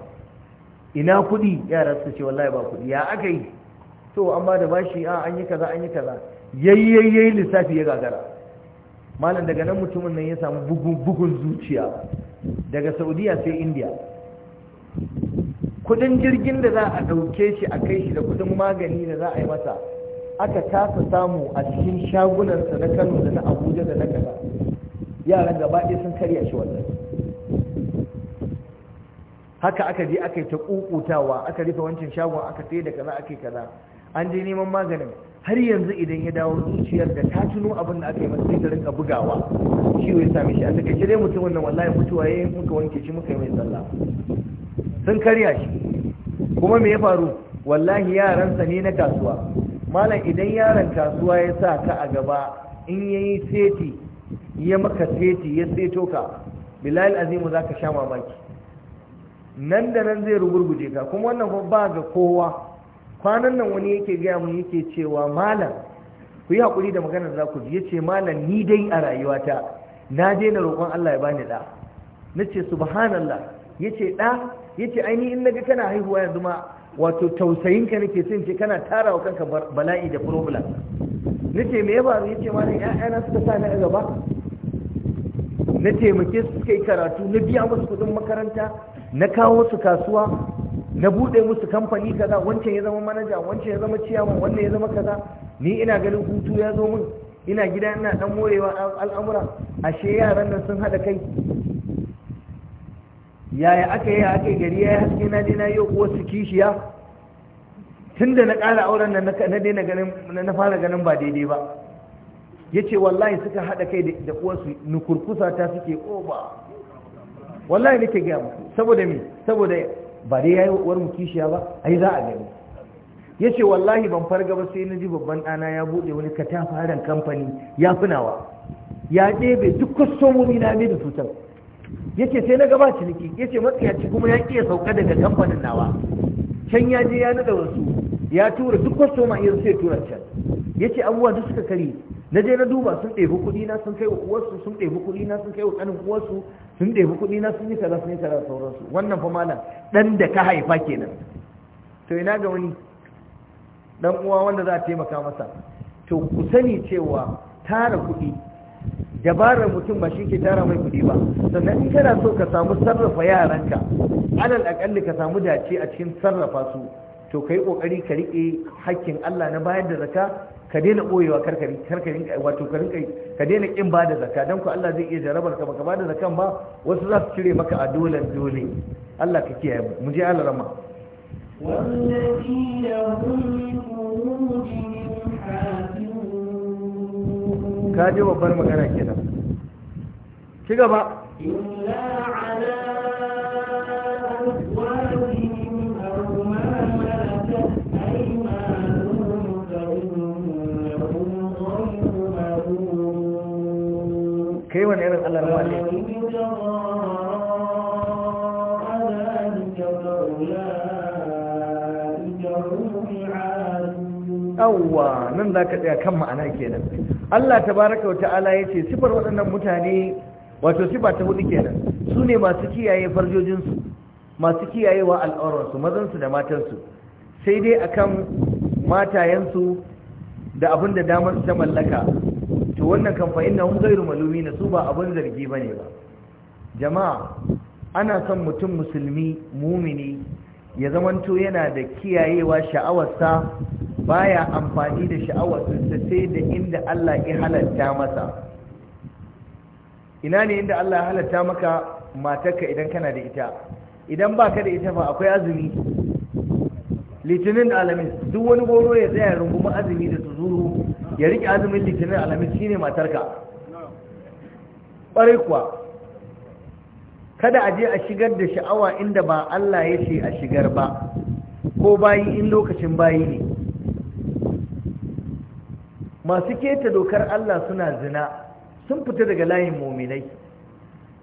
ina kuɗi yara su ce wallahi ba kuɗi ya aka yi to an ba da bashi a an yi kaza an yi kaza yayyayyayi lissafi ya gagara malam daga nan mutumin nan ya samu bugun zuciya daga saudiya sai india kudin jirgin da za a ɗauke shi a kai shi da kudin magani da za a yi masa aka kasa samu a cikin shagunansa na kano da na abuja da na kasa yaran gaba ɗaya sun karya shi wannan haka aka je aka yi ta ƙuƙutawa aka rufe wancan shagon aka sai da kaza aka yi kaza an je neman maganin har yanzu idan ya dawo zuciyar da ta tuno abin da aka yi masa ta rinka bugawa shi ya same shi a takaice dai mutum wannan wallahi mutuwa yayin muka wanke shi muka yi mai sallah sun karya shi kuma me ya faru wallahi yaransa ne na kasuwa malam idan yaran kasuwa ya sa ka a gaba in yayi seti ya maka seti ya seto ka bilal azimu zaka sha mamaki nan da nan zai rugurguje ka kuma wannan ba ga kowa kwanan nan wani yake gaya mu yake cewa malam ku yi haƙuri da maganar za ku ji ce malam ni dai a rayuwata na daina roƙon Allah ya bani da ce subhanallah Ya ce ɗa, ya ce ainihin in naga kana haihuwa yanzu ma wato tausayin ka nake son ce kana tarawa kanka bala'i da problem ce me ya faru yace malam ya'yana suka sa ni a gaba na taimake su suka yi karatu na biya musu kuɗin makaranta na kawo su kasuwa na buɗe musu kamfani kaza wancan ya zama manaja wancan ya zama ciyaman wannan ya zama kaza ni ina ganin hutu ya zo min ina gida ina dan morewa al'amura ashe yaran nan sun haɗa kai yaya aka yi aka yi gari ya haske na dai na yi kuwa su kishiya tun da na ƙara auren nan na daina ganin na fara ganin ba daidai ba ya ce wallahi suka haɗa kai da uwarsu nukurkusa ta suke oba oh, wallahi nake gaya saboda me saboda ba dai yi yi uwarmu kishiya ba ai za a gani ce wallahi ban farga ba sai na ji babban ɗana ya buɗe wani katafaren kamfani ya funawa ya ɗebe duk kwastomomi na mai da cutar ce sai na gaba ciniki ce matsiyaci kuma ya ƙi sauka daga kamfanin nawa can ya je ya naɗa wasu ya tura duk kwastoma iya sai tura can Ya ce abubuwa da suka kari. na je na duba sun ɗebi kuɗi na sun kai wa uwarsu sun ɗebi kuɗi sun kai wa ƙanin uwarsu sun ɗebi kuɗi sun yi kaza sun yi kaza sauransu wannan fa malam dan da ka haifa kenan to ina ga wani dan uwa wanda za a taimaka masa to ku sani cewa tara kuɗi dabarar mutum ba shi ke tara mai kuɗi ba sannan in kana so ka samu sarrafa yaranka alal akalli ka samu dace a cikin sarrafa su to ka yi ƙoƙari ka riƙe hakkin Allah na bayar da zaka ka daina boyewa karkari karkari, wato ka kai ka daina kin ba da zakka dan ku Allah zai iya jarabar ka baka ba da zakkan ba wasu za su cire maka a dole dole Allah ka kiyaye mu je Allah rama ka je babbar magana kenan ki gaba كده kai wani irin Allah ruwa ne yawwa nan za ka tsaya kan ma'ana kenan Allah baraka wa ta'ala ya ce sifar waɗannan mutane wato sifa ta hudu kenan su ne masu kiyaye farjojinsu masu kiyaye wa al'aurarsu mazansu da matansu sai dai akan matayensu da abin da damar ta mallaka to wannan kan fa'in na gairu malumi na su ba abin zargi ba ne ba jama'a ana son mutum musulmi mumini ya zamanto yana da kiyayewa sha'awarsa baya amfani da sha'awarsa sai da inda Allah ya halatta masa ina ne inda Allah ya halatta maka matarka idan kana da ita idan baka da ita ba akwai azumi litinin alamin duk wani goro ya tsaya runguma azumi da tuzuru ya riƙe azumin litinin alhamis shine matarka ƙwarai kuwa kada a je a shigar da sha'awa inda ba Allah ya ce a shigar ba ko bayi in lokacin bayi ne masu keta dokar Allah suna zina sun fita daga layin muminai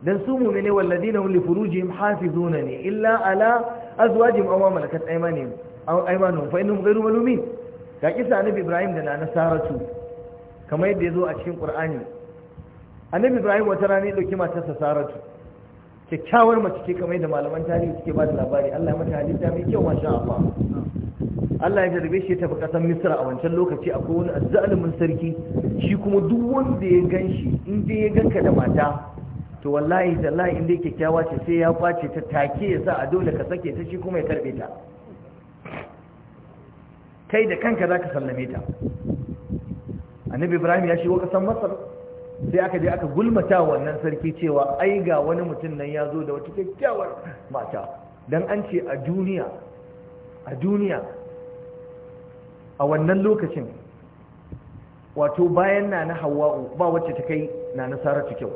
dan su muminai na hum li hafi zuna ne illa ala azwajihim aw malakat aymanuhum aw malumin ga kisa annabi ibrahim da nana saratu kamar yadda ya zo a cikin qur'ani annabi ibrahim wata rana ya dauki matarsa saratu kyakkyawar mace ce kamar yadda malaman tarihi suke ba da labari Allah ya mata halitta mai kyau masha Allah Allah ya jarabe shi ya tafi ƙasar Misra a wancan lokaci akwai wani azzalumin sarki shi kuma duk wanda ya gan shi in dai ya ganka da mata to wallahi da in dai kyakkyawa ce sai ya kwace ta take ya sa a dole ka sake ta shi kuma ya karbe ta kai da kanka za ka sallame ta annabi ibrahim ya shigo kasan masar sai aka je aka gulmata wannan sarki cewa ai ga wani mutum nan ya zo da wata kyakkyawar mata don an ce a duniya a duniya a wannan lokacin wato bayan na na hawa'u ba wacce ta kai na na saratu kyau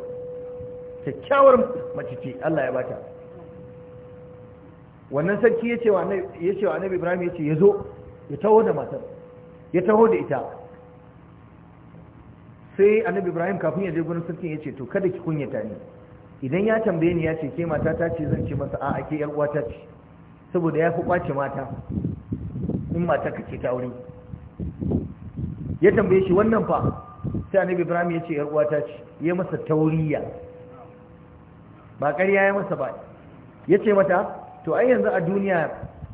kyakkyawar mace ce allah ya bata wannan sarki ya ce wa annabi ibrahim ya ce ya zo ya taho da matar ya taho da ita sai annabi ibrahim kafin ya je gurin sarkin ya ce to kada ki kunyata ni idan ya tambaye ni ya ce ke mata ta ce zan ce masa a'a ke yar uwa ta ce saboda ya fi kwace mata in mata ka ce ta aure ya tambaye shi wannan fa sai annabi ibrahim ya ce yar uwa ta ce ya masa tauriya ba ƙarya ya masa ba ya ce mata to ai yanzu a duniya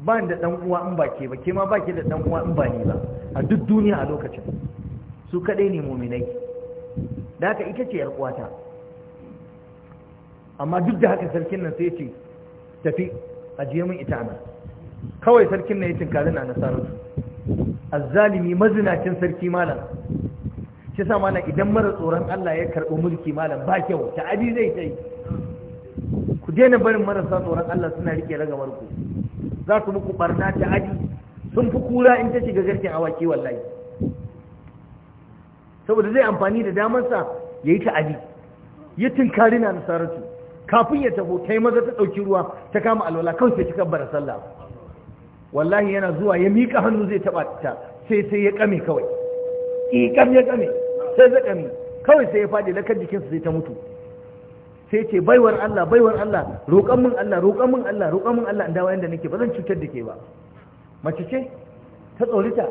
ba da dan uwa in ba ke ba ke ma ba ke da dan uwa in ba ni ba a duk duniya a lokacin su kaɗai ne muminai da haka ita ce yar uwata amma duk da haka sarkin nan sai ce tafi ajiye min ita ana kawai sarkin nan ya tinkari na nasarar azzalimi mazinacin sarki malam shi sa mana idan mara tsoron Allah ya karɓi mulki malam ba kyau ta zai ta yi ku daina barin marasa tsoron Allah suna rike ragamar ku za su muku barna ta aji sun fi kura in ta shiga garken awaki wallahi saboda zai amfani da damarsa ya yi ta ta'adi ya tunkari na nasaratu kafin ya taho ta yi maza ta ɗauki ruwa ta kama alwala kawai sai cikin bara sallah wallahi yana zuwa ya miƙa hannu zai taɓa ta sai sai ya ƙame kawai ƙiƙam eh, ya ƙame sai zai ƙame kawai sai ya faɗi lakar jikinsa sai ta mutu sai ce baiwar Allah baiwar Allah roƙon min Allah roƙan min Allah roƙon min Allah in dawo yanda nake ba zan cutar da ke ba mace ce ta ta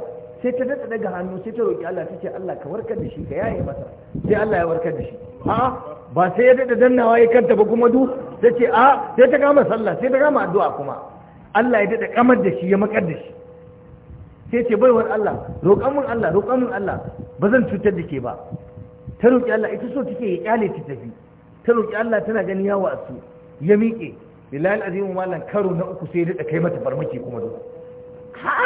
sai ta daɗa daga hannu sai ta roƙi Allah ta ce Allah ka warkar da shi ka yaye masa sai Allah ya warkar da shi a ba sai ya daɗa dannawa ya kanta ba kuma du ta ce a sai ta kama sallah sai ta kama addu'a kuma Allah ya daɗa kamar da shi ya makar da shi sai ce baiwar Allah roƙon min Allah roƙon min Allah ba zan cutar da ke ba ta roƙi Allah ita so take ya kyale ta tafi ta roƙi Allah tana gani ya wasu ya miƙe lillahi azimu malam karo na uku sai da kai mata farmaki kuma duk ha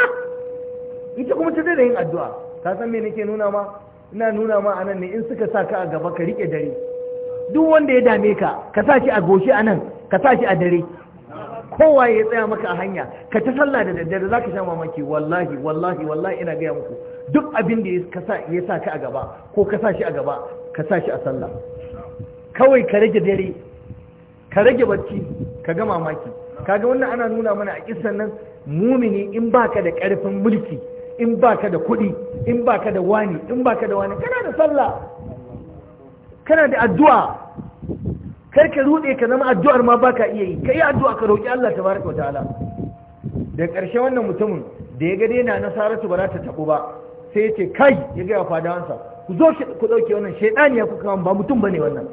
ita kuma ta daina yin addu'a ka san me nake nuna ma ina nuna ma anan ne in suka sa ka a gaba ka rike dare duk wanda ya dame ka ka sa shi a goshi anan ka sa shi a dare kowa ya tsaya maka a hanya ka ta sallah da daddare zaka sha mamaki wallahi wallahi wallahi ina gaya muku duk abin da ya sa ka a gaba ko ka sa shi a gaba ka sa shi a sallah kawai ka rage dare ka rage bacci ka ga mamaki kaga wannan ana nuna mana a kisan nan mumini in baka da karfin mulki in baka da kuɗi in baka da wani in baka da wani kana da sallah kana da addu'a kar ka rude ka zama addu'ar ma baka iya yi ka yi addu'a ka roƙi Allah tabaraka wa ta'ala da ƙarshe wannan mutumin da ya ga daina nasaratu ba za ta tabo ba sai ya ce kai ya ga fadawansa ku zo ku dauke wannan shaidani ya kuka ba mutum bane wannan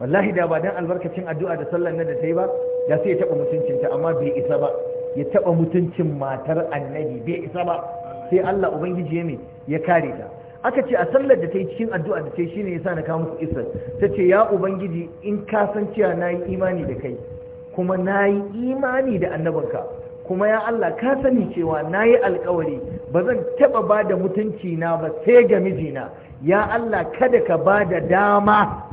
wallahi da ba dan albarkacin addu'a da sallar nan da ta yi ba da sai ya taba mutuncinta amma bai isa ba ya taba mutuncin matar annabi bai isa ba sai Allah ubangiji ya ya kare ta aka ce a sallar da ta yi cikin addu'a da ta yi shine yasa na kawo muku isar ta ce ya ubangiji in ka san cewa nayi imani da kai kuma nayi imani da annabinka kuma ya Allah ka sani cewa nayi alkawari ba zan taɓa ba da mutunci na ba sai ga mijina ya Allah kada ka ba da dama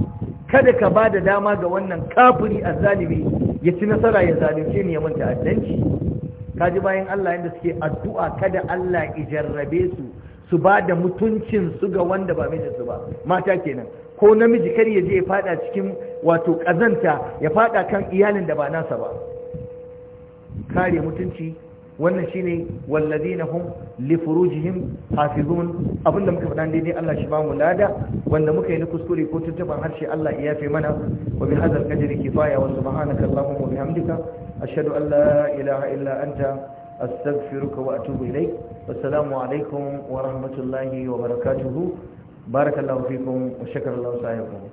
kada ka ba da dama ga wannan kafiri a zalumi ya ci nasara ya zalunce ni ya manta addanci ji bayan Allah yadda suke addu'a kada Allah jarrabe su su ba da mutuncin su ga wanda ba su ba mata kenan ko namiji kar ya je ya fada cikin wato kazanta ya fada kan iyalin da ba nasa ba kare mutunci wannan shine walladina hum li furujihim hafizun abinda muka fada daidai Allah shi bamu mu lada wanda muka yi na kuskure ko tuntuban harshe Allah ya yafe mana wa bi hadzal qadri kifaya wa subhanaka allahumma wa bihamdika ashhadu an la ilaha illa anta astaghfiruka wa atubu ilayk assalamu alaikum wa rahmatullahi wa barakatuh barakallahu fikum wa shukran lahu